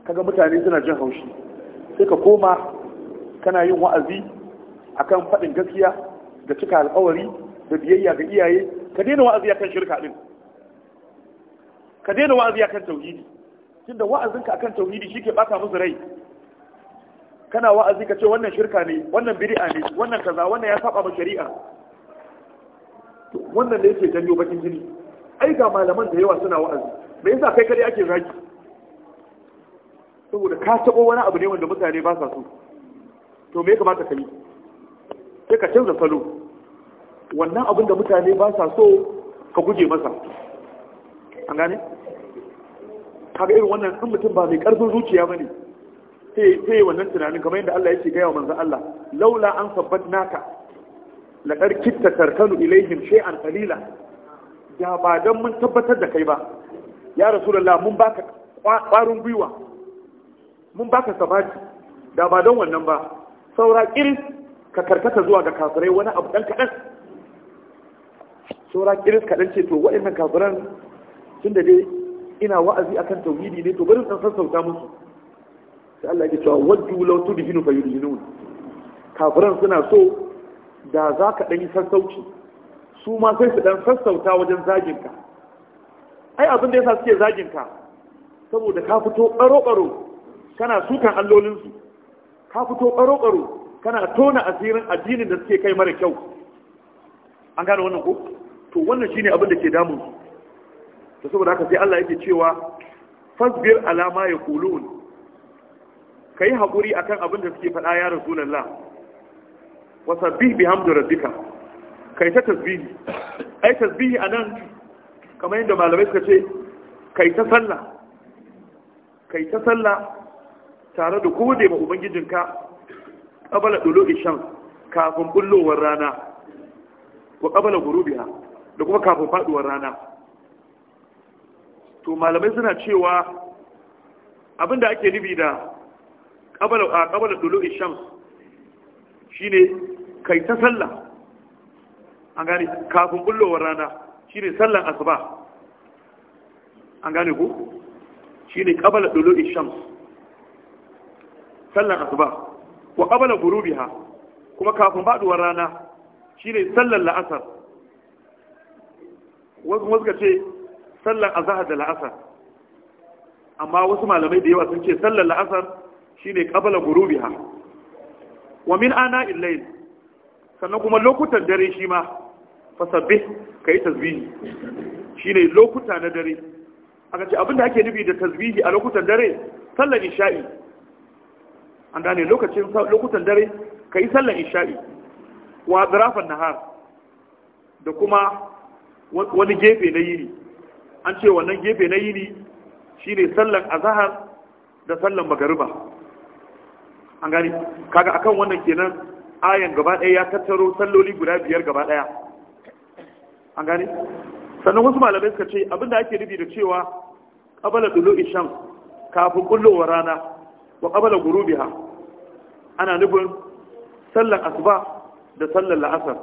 kaga mutane suna jin haushi sai ka koma kana yin wa'azi akan faɗin gaskiya da cika alƙawari da biyayya ga iyaye ka daina wa'azi akan shirka din ka daina wa'azi akan tauhidi tunda wa'azinka akan tauhidi shike baka musu rai kana wa'azi ka ce wannan shirka ne wannan bid'a ne wannan kaza wannan ya saba ma shari'a wannan da yake janyo bakin jini ai ga malaman da yawa suna wa'azi me yasa kai kare ake zaki saboda ka tabo wani abu ne wanda mutane ba sa so to me ya kamata ka yi sai ka canza salo wannan abin da mutane ba sa so ka guje masa an gane kaga irin wannan in mutum ba mai karfin zuciya bane sai sai wannan tunanin kamar yadda Allah yake gaya wa manzo Allah laula an sabbatnaka laqad kitta tarkanu ilaihim shay'an qalila ya ba don mun tabbatar da kai ba ya rasulullah mun baka ƙwarin gwiwa mun baka sabati da ba don wannan ba saura kiris ka karkata zuwa ga kafirai wani abu dan kaɗan saura kiris kaɗan ce to waɗannan kafiran tun da dai ina wa'azi akan tauhidi ne to bari san sassauta musu sai Allah ya cewa waddu law tudhinu fayudhinun kafiran suna so da zaka dan yi sassauci su ma sai su dan sassauta wajen zagin ai abin da yasa suke zagin ka saboda ka fito baro-baro kana sukan allolinsu ka fito baro-baro kana tona asirin addinin da suke kai mara kyau an gane wannan ko to wannan shine abin da ke damun su saboda haka sai Allah yake cewa fasbir ala ma yaqulun kai hakuri akan abin da suke faɗa ya rasulullah wasabbih bihamdi rabbika kai ta tasbihi ai tasbihi anan kamar yadda malamai suka ce kai ta sallah kai ta sallah tare da gode ma ubangijinka qabala dulu shams kafin bullowar rana wa qabala gurubiha da kuma kafin faduwar rana to malamai suna cewa abinda ake nufi da qabala qabala dulu shams shine kai ta sallah an gane kafin kullowar rana shine sallan asuba an gane ku shine ƙabala dolo shams sallan asuba wa qabala ghurubiha kuma kafin baduwar rana shine sallan la'asar wasu wasu ce sallan azahar da la'asar amma wasu malamai da yawa sun ce sallan la'asar shine qabala ghurubiha wa min ana illayin? sannan kuma lokutan dare shi ma ka kai tasbihi shine lokuta na dare aka ce abinda ake nufi da tasbihi a lokutan dare sallar isha'i an gane lokacin lokutan dare kai sallar isha'i wa zarafan nahar da kuma wani gefe na yini an ce wannan gefe na yini shine sallar azhar da sallar magariba an gani kaga akan wannan kenan ayan gaba ɗaya ya tattaro salloli guda biyar gaba ɗaya an gane sannan wasu malamai suka ce abinda ake nufi da cewa qabala dulu isham kafin kullowar rana wa qabala gurubiha ana nufin sallar asuba da sallar la'asar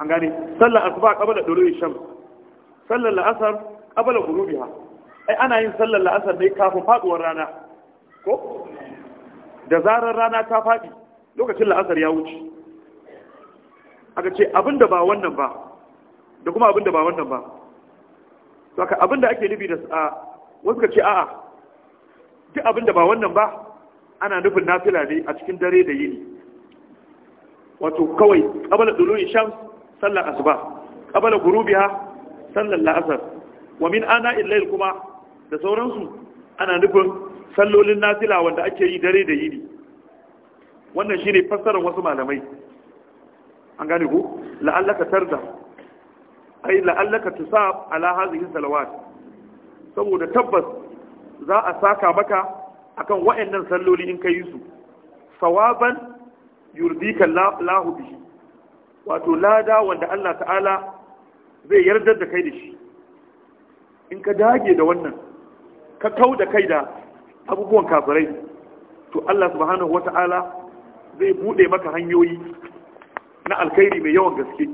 an gane sallar asuba qabala dulu isham sallar la'asar qabala gurubiha ai ana yin sallar la'asar ne kafin faduwar rana ko da zarar rana ta fadi lokacin la'asar ya wuce aka ce abinda ba wannan ba da kuma abinda ba wannan ba to aka abinda ake nufi da a wasu ka ce a'a duk abinda ba wannan ba ana nufin nafila ne a cikin dare da yini wato kawai qabala dulu'i shams sallar asuba qabala gurubiha sallar la'asar wa min ana illail kuma da sauransu ana nufin sallolin nafila wanda ake yi dare da yini wannan shine fassarar wasu malamai an gane ku la'allaka tarda ai la'allaka tusab ala hadhihi salawat saboda tabbas za a saka maka akan wa'annan salloli in kai su sawaban yurdika Allahu bihi wato lada wanda Allah ta'ala zai yarda da kai da shi in ka dage da wannan ka kau da kai da abubuwan kafirai to Allah subhanahu wata'ala zai bude maka hanyoyi na alkhairi mai yawan gaske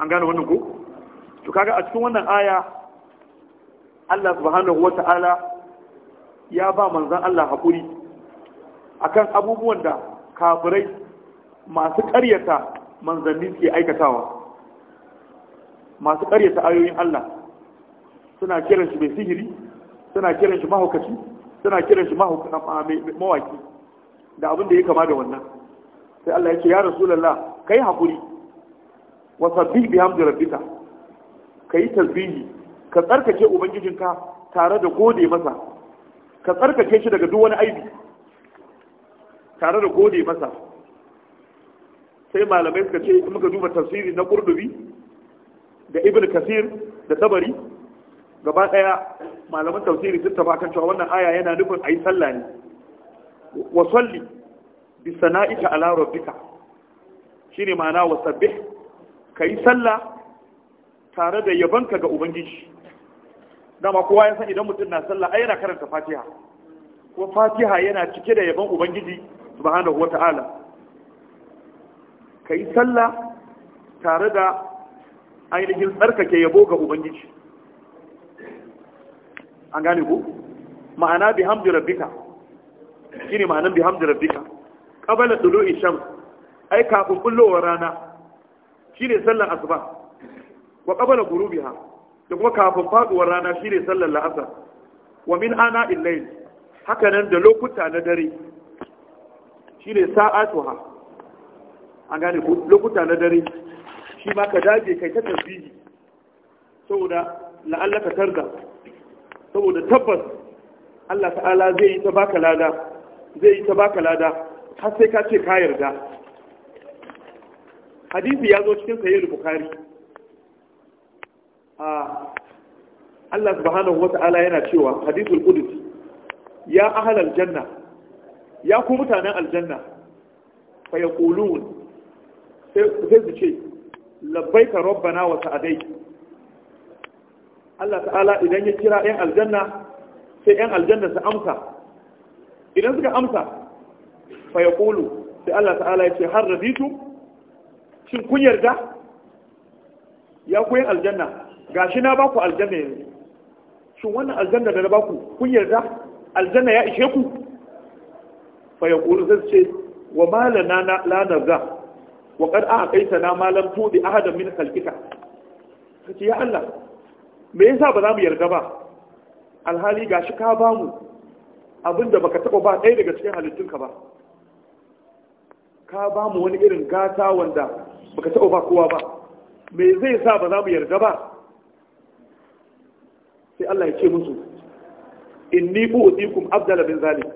an gane wannan ko to kaga a cikin wannan aya Allah subhanahu wata'ala ya ba manzan Allah hakuri akan abubuwan da kafirai masu ƙaryata manzanni suke aikatawa masu ƙaryata ayoyin Allah suna kiran shi mai sihiri suna kiran shi mahaukaci suna kiran shi mawaki da abin da ya kama da wannan sai Allah ya ce ya rasulullah kai hakuri wa bi bihamdi rabbika kai tasbihi ka tsarkake ubangijinka tare da gode masa ka tsarkake shi daga duk wani aibi tare da gode masa sai malamai suka ce muka duba tafsiri na kurdubi da ibn kasir da tabari gaba daya malaman tafsiri sun tafa kan cewa wannan aya yana nufin ayi sallah ne wa salli bi sana'ika ala rabbika ne ma'ana wa Ka yi sallah tare da yabanka ga ubangiji dama kowa ya san idan mutum na sallah a yana karanta fatiha ko fatiha yana cike da yaban ubangiji da wata'ala yi sallah tare da ainihin tsarkake yabo ga ubangiji an gane ku ma'ana bihamdi rabbika ne ma'anan bihamdi rabbika ƙabalar tulu'i shams ai kafin kullowar rana shine sallar asuba wa qabala ghurubiha da kuma kafin faduwar rana shine sallar la'asar wa min ana illayl haka nan da lokuta na dare shine sa'atuha an gane lokuta na dare shi ma ka dage kai ta tasbihi saboda la'allaka tarda saboda tabbas Allah ta'ala zai yi ta baka lada zai yi ta baka lada har sai ka ce ka yarda hadisi ya zo cikin sahih bukhari a ah, Allah subhanahu wata'ala yana cewa hadisul qudus ya ahlal janna ya ku mutanen aljanna fa yaqulun sai su ce labbaika rabbana wa sa'adai Allah ta'ala idan ya kira 'yan aljanna sai 'yan aljanna su amsa idan suka amsa fa yaqulu sai Allah ta'ala ya ce har raditu shin kun yarda ya ku yin aljanna shi na baku aljanna yanzu shin wannan aljanna da na baku kun yarda aljanna ya ishe ku fa yaqulu zai ce wa malana lanar za? wa qad a'taytana ma lam tudi ahadan min ka ce ya Allah me yasa ba za mu yarda ba alhali ga shi ka ba mu ba baka taba ba ɗaya daga cikin halittunka ba ka ba mu wani irin gata wanda baka taɓa ba kowa ba me zai sa ba za mu yarda ba sai Allah ya ce musu inni u'tikum afdala min zalim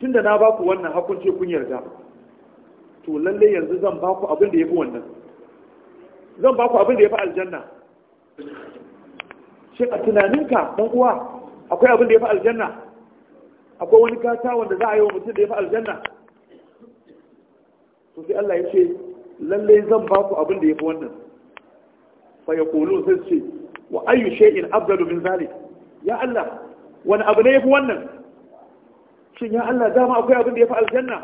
tunda na baku wannan hakun ce kun yarda to lalle yanzu zan baku abin da yafi wannan zan baku abin da yafi aljanna shi a tunaninka dan uwa akwai abin da yafi aljanna akwai wani gata wanda za a yi wa mutum da yafi aljanna to sai Allah ya ce lallai zan ba ku abin da ya fi wannan fa ya kolo sai ce wa ayyu shay'in afdalu min zalik ya Allah wani abu ne ya fi wannan shin ya Allah dama akwai abin da ya fi aljanna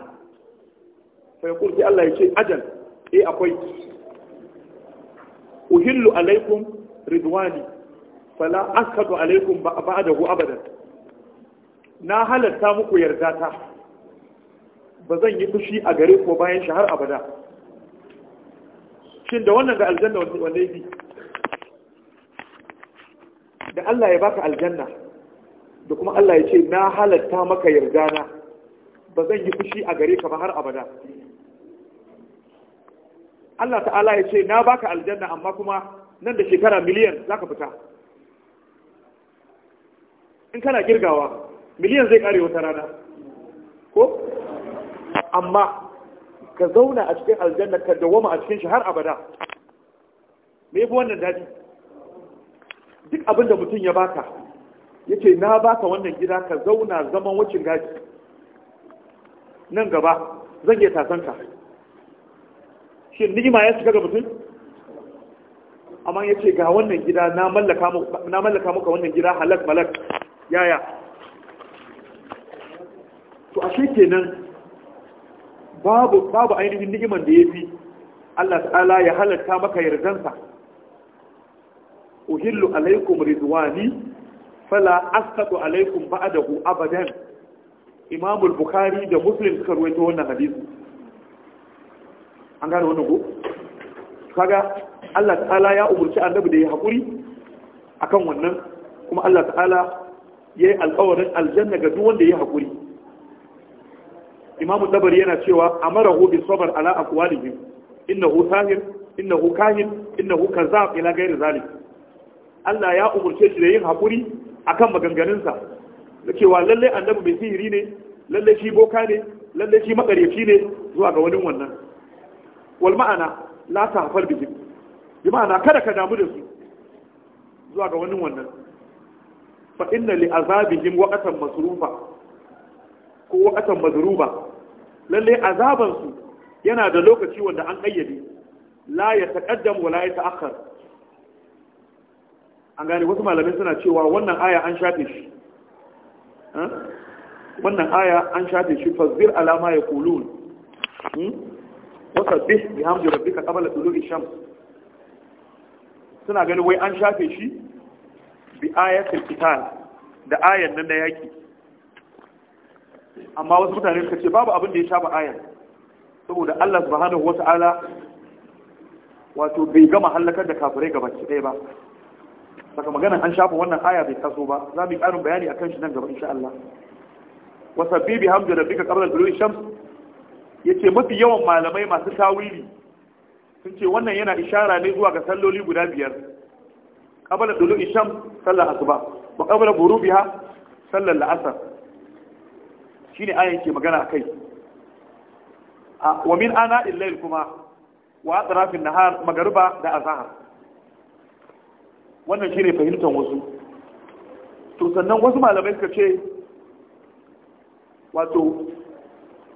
fa ya kolo sai Allah ya ce ajal eh akwai uhillu alaikum ridwani fala akadu alaikum ba'adahu abadan na halatta muku yarda ta ba zan yi fushi a gare ko bayan shi har abada shin da wannan ga aljanna wanda ya da Allah ya baka aljanna da kuma Allah ya ce na halatta maka yardana ba zan yi fushi a gare ka ba har abada Allah ta'ala ya ce na baka aljanna amma kuma nan da shekara miliyan za fita in kana girgawa miliyan zai kare wata rana ko amma ka zauna a cikin aljanna ka dawoma a cikin shi har abada me yafi wannan daɗi duk abin da mutum ya baka yace na baka wannan gida ka zauna zaman wucin gaji. nan gaba zan iya tasanka shin ni'ima ya shiga ga mutum amma yace ga wannan gida na mallaka muku wannan gida halak malak yaya to ashe kenan babu babu ainihin ni'imar da yafi Allah ta'ala ya halatta maka yardansa uhillu alaikum ridwani fala asqatu alaikum ba'dahu abadan Imam al-Bukhari da Muslim suka rawaito wannan hadisi an gane wannan ko kaga Allah ta'ala ya umurci annabi da ya hakuri akan wannan kuma Allah ta'ala yayi alƙawarin aljanna ga duk wanda ya hakuri imamu tabari yana cewa amarahu bi sabr ala aqwalihim innahu tahir innahu kahin innahu kaza ila ghairi zalim Allah ya umurce shi da yin hakuri akan maganganunsa da cewa lalle annabi mai sihiri ne lalle shi boka ne lalle shi makaryaci ne zuwa ga wani wannan wal ma'ana la tahfar bihim bi ma'ana kada ka damu da su zuwa ga wani wannan fa inna li azabihim waqtan masrufa ko watan mazruba lalle azaban su yana da lokaci wanda an kayyade la ya taqaddam wa la ya ta'akhkhar an gane wasu malamai suna cewa wannan aya an shafe shi wannan aya an shafe shi fazbir alama ya kulun hmm? wasa bih bi hamdi rabbika qabla tulu'i shams suna ganin wai an shafe shi bi ayatul qital da ayan nan da yaki amma wasu mutane suka ce babu abin da ya shafa ayar saboda Allah subhanahu wata'ala wato bai gama halakar da kafirai gaba ki ɗaya ba saka magana an shafa wannan aya bai taso ba za mu yi ƙarin bayani akan shi nan gaba insha Allah wasabbi bi hamdi rabbika qabla tulu'i shams yace mafi yawan malamai masu tawili sun ce wannan yana ishara ne zuwa ga salloli guda biyar qabla tulu'i shams sallar asuba wa qabla ghurubiha sallar la'asar shine ayan ke magana kai wa min ana illail kuma wa atrafin nahar magariba da azhar wannan shine fahimtar wasu to sannan wasu malamai suka ce wato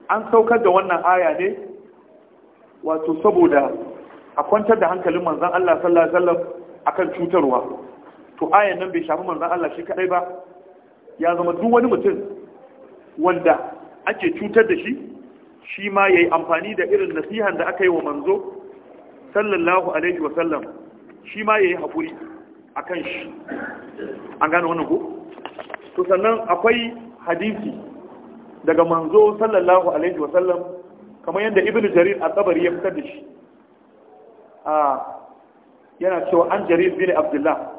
an saukar da wannan aya ne wato saboda a kwantar da hankalin manzan Allah sallallahu alaihi wasallam akan cutarwa to ayan nan bai shafi manzan Allah shi kadai ba ya zama duk wani mutum wanda ake cutar da shi shi ma yayi amfani da irin nasihan da aka yi wa manzo sallallahu alaihi wasallam shi ma yayi hakuri akan shi an gane wannan ko to sannan akwai hadisi daga manzo sallallahu alaihi wasallam kamar yadda ibnu jarir al-tabari ya fitar da shi a yana cewa an jarir bin abdullah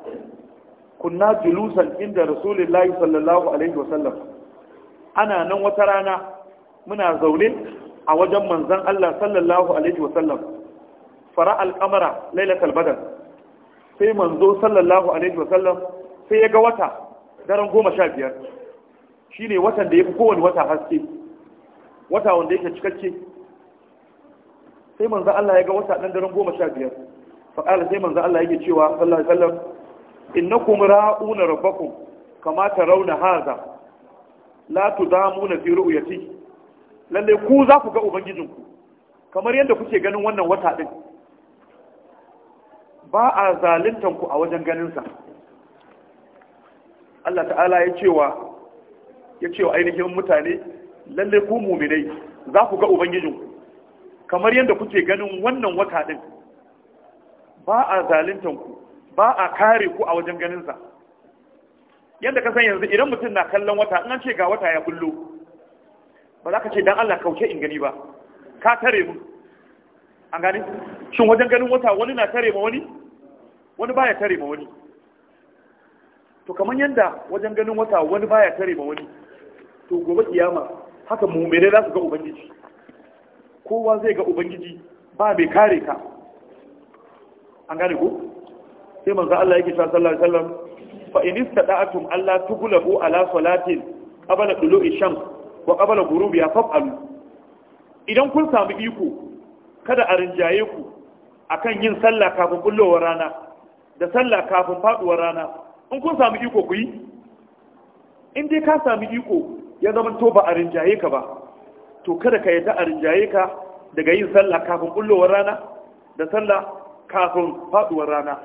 kunna julusan inda rasulullahi sallallahu alaihi wasallam ana nan wata rana muna zaune a wajen manzan Allah sallallahu alaihi wasallam fara alkamara lailatul badr sai manzo sallallahu alaihi wasallam sai ya ga wata daren goma sha biyar Shi ne watan da ya fi kowane wata haske wata wanda yake cikakke sai manzo Allah ya ga wata ɗan daren goma sha biyar faƙala sai manzo Allah yake cewa sallallahu alaihi wasallam innakum ra'una rabbakum kamata rauna haza. la tudamuna ya ru'yati lalle ku za ku ga ubangijinku kamar yadda kuke ganin wannan wata din ba a zalintan ku a wajen ganin sa Allah ta'ala ya cewa ya cewa ainihin mutane lalle ku mu'minai za ku ga ubangijinku kamar yadda kuke ganin wannan wata din ba a zalintan ku ba a kare ku a wajen ganin sa yadda ka san yanzu idan mutum na kallon wata in an ce ga wata ya bullo ba za ka ce dan Allah kauce in gani ba ka tare mu an gani shin wajen ganin wata wani na tare ma wani wani baya tare ma wani to kamar yadda wajen ganin wata wani baya tare ma wani to gobe kiyama haka mumene za su ga ubangiji kowa zai ga ubangiji ba mai kare ka an gane ko sai manzo Allah yake sallallahu alaihi wasallam fa in istada'tum alla tughlabu ala salatin qabla tulu'i shams wa qabla ghurubiha fa'alu idan kun samu iko kada a rinjaye ku akan yin sallah kafin bullowar rana da sallah kafin faduwar rana in kun samu iko ku yi in dai ka samu iko ya zama to ba a rinjaye ka ba to kada ka yadda a rinjaye ka daga yin sallah kafin bullowar rana da sallah kafin faduwar rana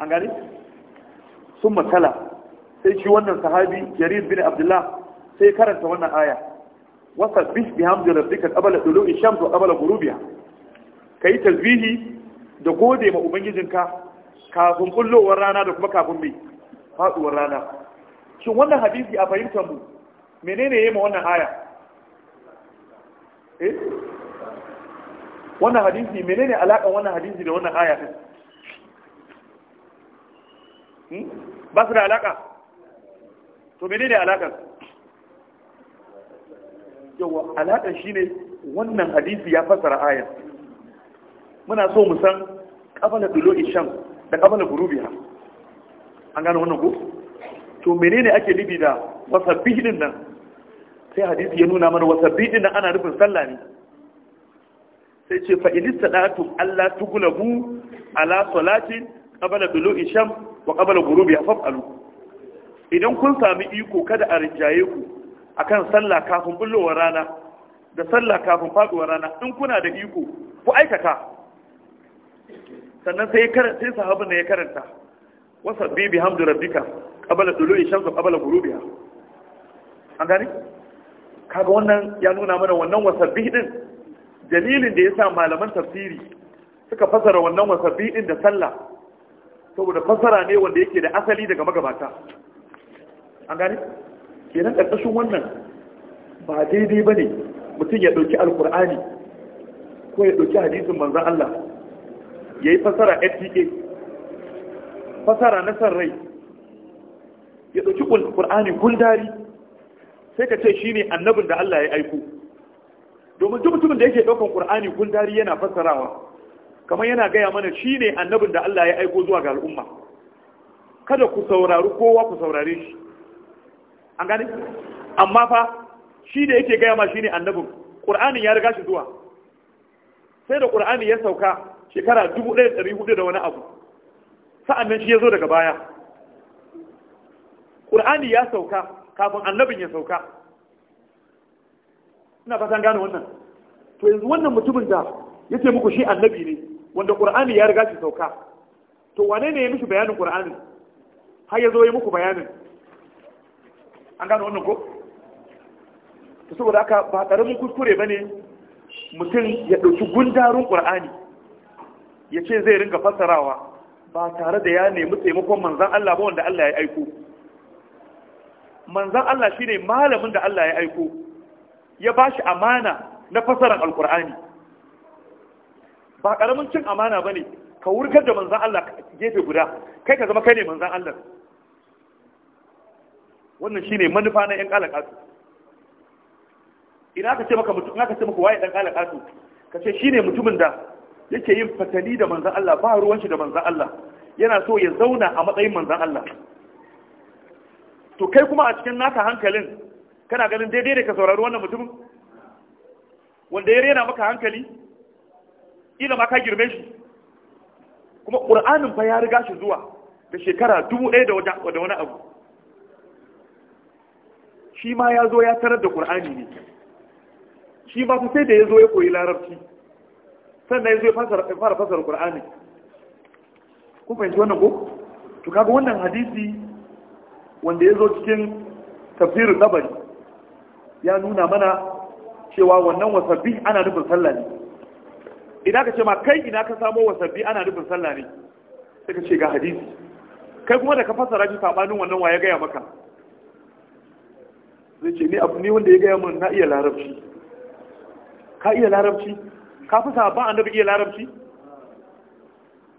an gani sun matala sai shi wannan sahabi jarir bin abdullah sai karanta wannan aya wasa bis bi hamdi rabbika qabla tulu'i shams wa qabla ghurubiha kai tasbihi da gode ma ubangijinka kafin kullowar rana da kuma kafin mai faduwar rana shin wannan hadisi a fahimtar mu menene yayi ma wannan aya eh wannan hadisi menene alakan wannan hadisi da wannan aya din Hmm? ba su da alaka to mene ne alakan yawa alakan shi ne wannan hadisi ya fasa ayan muna so mu san kafala dulo ishan da kafala gurubiya an gano wannan ko to menene ake nufi da wasabbihi din nan sai hadisi ya nuna mana wasabbihi din nan ana nufin sallah ne sai ce fa in allah alla tughlabu ala salatin qabala dulu'i sham wa gurubi a fa'alu idan kun sami iko kada a rinjaye ku kan sallah kafin bullowar rana da sallah kafin faɗuwar rana in kuna da iko ku aikata sannan sai sai sahabin da ya karanta wasa bibi Hamdu rabbika qabala dulu'i Isham wa gurubi a an gani kaga wannan ya nuna mana wannan wasabbi din dalilin da ya sa malaman tafsiri suka fasara wannan wasabbi din da sallah saboda fasara ne wanda yake da asali daga magabata an gane kenan ƙarƙashin wannan ba daidai ba ne mutum ya ɗauki alkur'ani ko ya ɗauki hadisin manzan Allah ya yi fasara fta fasara na san rai ya ɗauki alkur'ani guldari sai ka ce shi ne annabin da Allah ya aiko domin duk mutumin da yake ɗaukan ƙur'ani guldari yana fasarawa kamar yana gaya mana shi ne annabin da Allah ya aiko zuwa ga al'umma kada ku saurari kowa ku saurare shi an gani amma fa shi da yake gaya ma shi ne annabin ƙur'anin ya riga shi zuwa sai da ƙur'ani ya sauka shekara 1400 da wani abu sa'an nan shi ya zo daga baya ƙur'ani ya sauka kafin annabin ya sauka ina fatan gane wannan to yanzu wannan mutumin da ya ce muku shi annabi ne wanda qur'ani ya riga shi sauka to wane ne ya mishi bayanin ƙur'ani har ya zo ya muku bayanin an gano wannan ko to saboda aka, ba karamin kuskure ba ne mutum ya ɗauki gundarun ƙur'ani ya ce zai ringa fassarawa ba tare da ya nemi taimakon manzan Allah ba wanda Allah ya aiko manzan Allah shine malamin da Allah ya aiko ya bashi amana na fasarar alkur'ani ba karamin cin amana bane ka wurgar da manzan Allah gefe guda kai ka zama kai ne manzan Allah wannan shine manufa na yan kalakatu idan ka ce maka mutum ka ce maka waye dan kalakatu ka ce shine mutumin da yake yin fatali da manzan Allah ba ruwan shi da manzan Allah yana so ya zauna a matsayin manzan Allah to kai kuma a cikin naka hankalin kana ganin daidai da ka saurari wannan mutumin wanda ya rena maka hankali kila ma ka girme shi kuma ƙur'anin fa ya riga shi zuwa da shekara dubu ɗaya da wani abu shi ma ya zo ya tarar da ƙur'ani ne shi ma fa sai da ya zo ya koyi larabci sannan ya zo ya fara fasar ƙur'ani Kuma fahimci wannan ko to kaga wannan hadisi wanda ya zo cikin tafsirin tabari ya nuna mana cewa wannan wasabi ana nufin sallah ne idan ka ce ma kai ina ka samo wasabbi ana nufin sallah ne sai ka ce ga hadisi kai kuma da ka fassara shi sabanin wannan wa ya gaya maka zai ce ni abu ni wanda ya gaya min na iya larabci ka iya larabci ka fi sahabban annabi iya larabci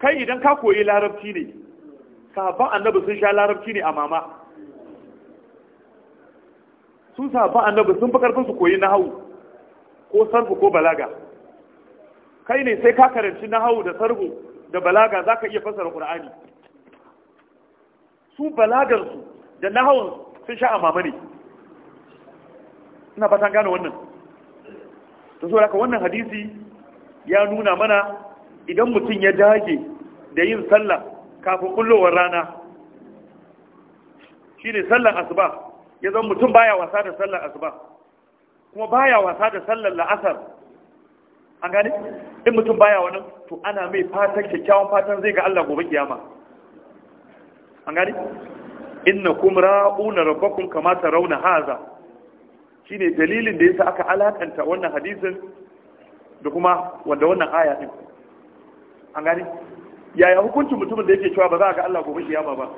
kai idan ka koyi larabci ne sahabban annabi sun sha larabci ne a mama su sahabban annabi sun fi karfin su koyi nahawu ko sarfu ko balaga kai ne sai ka karanci nahawu da sargo da balaga za ka iya fasara ƙur'ani su balagansu da nahawun sun sha a ne ina fatan gane wannan ta so raka wannan hadisi ya nuna mana idan mutum ya dage da yin sallah kafin kullowar rana shi ne sallar asuba ya zan mutum baya wasa da sallar asuba kuma baya wasa da sallar la'asar an gane in mutum baya wani to ana mai fatan kyakkyawan fatan zai ga Allah gobe kiyama an gane kum ra'una rabbakum kama tarawna haza shine dalilin da yasa aka alakanta wannan hadisin da kuma wanda wannan aya din an gane yaya hukuncin mutumin da yake cewa ba za a ga Allah gobe kiyama ba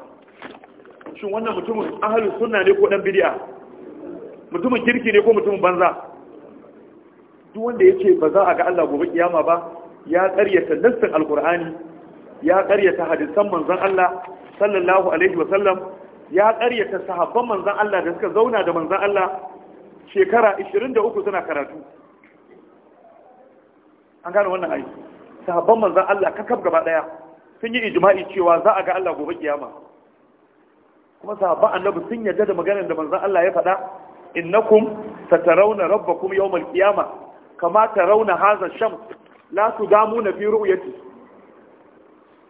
shin wannan mutumin ahlus sunna ne ko dan bid'a mutumin kirki ne ko mutumin banza duk wanda ya ce ba za a ga Allah gobe kiyama ba ya karyata nassin alkur'ani ya karyata hadisan manzon Allah sallallahu alaihi wa sallam ya karyata sahabban manzon Allah da suka zauna da manzon Allah shekara 23 suna karatu an gane wannan ayi. sahabban manzon Allah kakab gaba daya sun yi ijma'i cewa za a ga Allah gobe kiyama kuma sahabban annabi sun yarda da maganar da manzon Allah ya faɗa innakum satarawna rabbakum yawmal qiyamah kama ta rauna haza shan, la su damu na fi ru'yati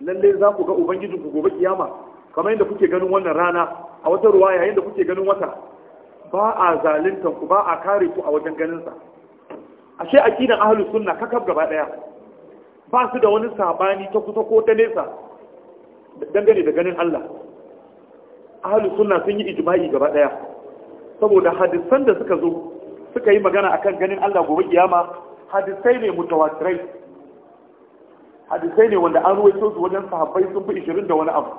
lalle za ku ga ubangijin ku gobe kiyama kamar yadda kuke ganin wannan rana a wata ruwa yayin da kuke ganin wata ba a zalunta ku ba a kare ku a wajen ganin sa ashe akidan ahlus sunna kakab gaba daya ba su da wani sabani ta kusa ko ta nesa dangane da ganin Allah ahlus sunna sun yi ijma'i gaba daya saboda hadisan da suka zo suka yi magana akan ganin Allah gobe kiyama hadisai ne mutawatirai hadisai ne wanda an ruwaito su wajen sahabbai sun fi 20 da wani abu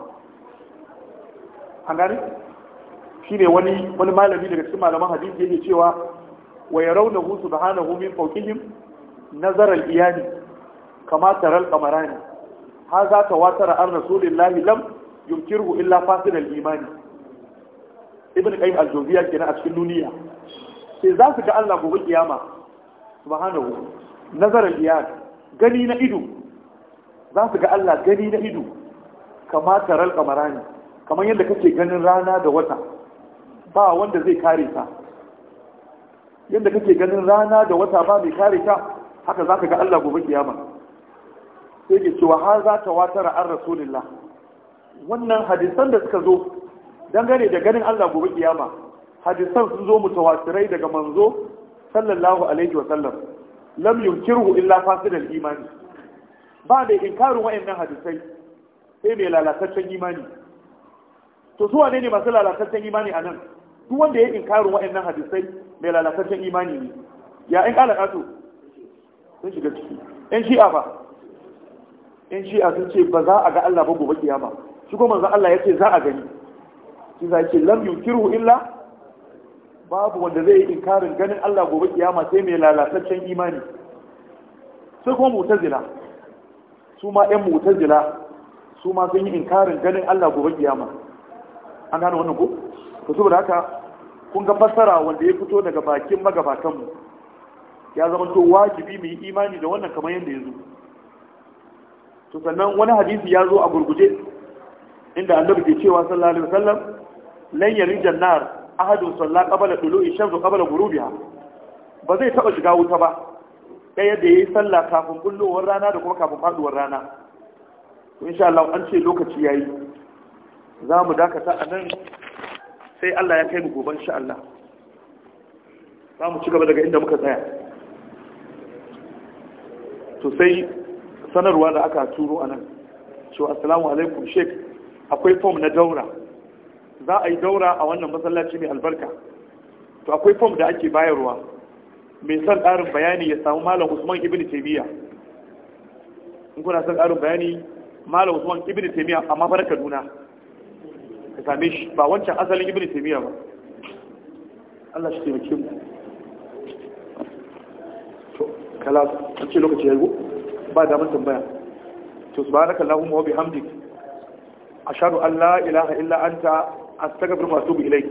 an gani shine wani wani malami daga cikin malaman hadisi yake cewa wa yarawnahu subhanahu min fawqihim nazar al-iyani kama taral qamarani hadha tawatara an rasulillahi lam yunkirhu illa fasil al-imani ibn qayyim al-jawziyya kenan a cikin duniya sai za su ga Allah gobe kiyama subhanahu nazarar iyad gani na ido za su ga Allah gani na ido kama taral kamarani kamar yadda kake ganin rana da wata ba wanda zai kare ta yadda kake ganin rana da wata ba mai kare ta haka za ka ga Allah gobe kiyama sai ke cewa har za ta watara an rasulullah wannan hadisan da suka zo dangane da ganin Allah gobe kiyama hadisan sun zo mutawatirai daga manzo sallallahu alaihi wa sallam lam yunkirhu illa fasidal imani ba da inkarin wayannan hadisai sai mai lalataccen imani to su wane ne masu lalataccen imani anan duk wanda ya inkarin wayannan hadisai mai lalataccen imani ne ya in kala kato sun shiga ciki in shi'a ba in shi'a sun ce ba za a ga Allah ba gobe kiyama shi kuma manzo Allah ya ce za a gani shi zai ce lam yunkiru illa babu wanda zai yi inkarin ganin Allah gobe kiyama sai mai lalataccen imani sai kuma mutazila su ma ɗan mutazila su ma sun yi inkarin ganin Allah gobe kiyama an gano wannan ko to saboda haka kun ga fassara wanda ya fito daga bakin magabatanmu ya zama to wajibi mu yi imani da wannan kamar yadda ya zo to sannan wani hadisi ya zo a gurguje inda annabi ke cewa sallallahu alaihi wasallam lan yarijan nar ahadin salla qabala tulu'i shamsu qabala ghurubiha ba zai taba shiga wuta ba ɗaya da yayi sallah kafin bullowar rana da kuma kafin faduwar rana to insha Allah an ce lokaci yayi za mu dakata a sai Allah ya kai mu gobe insha Allah za mu ci gaba daga inda muka tsaya to sai sanarwa da aka turo a nan cewa assalamu alaikum sheik akwai fom na daura za a yi daura a wannan masallaci mai albarka to akwai fom da ake bayarwa mai son ƙarin bayani ya samu malam usman ibn taimiyya in kuna son ƙarin bayani malam usman ibn taimiyya amma fara kaduna ka same shi ba wancan asalin ibn taimiyya ba Allah shi taimake mu to kala ce lokaci ya yi ba damar tambaya to mawabi hamdi a ashadu an la ilaha illa anta astaghfiruka wa atubu ilayk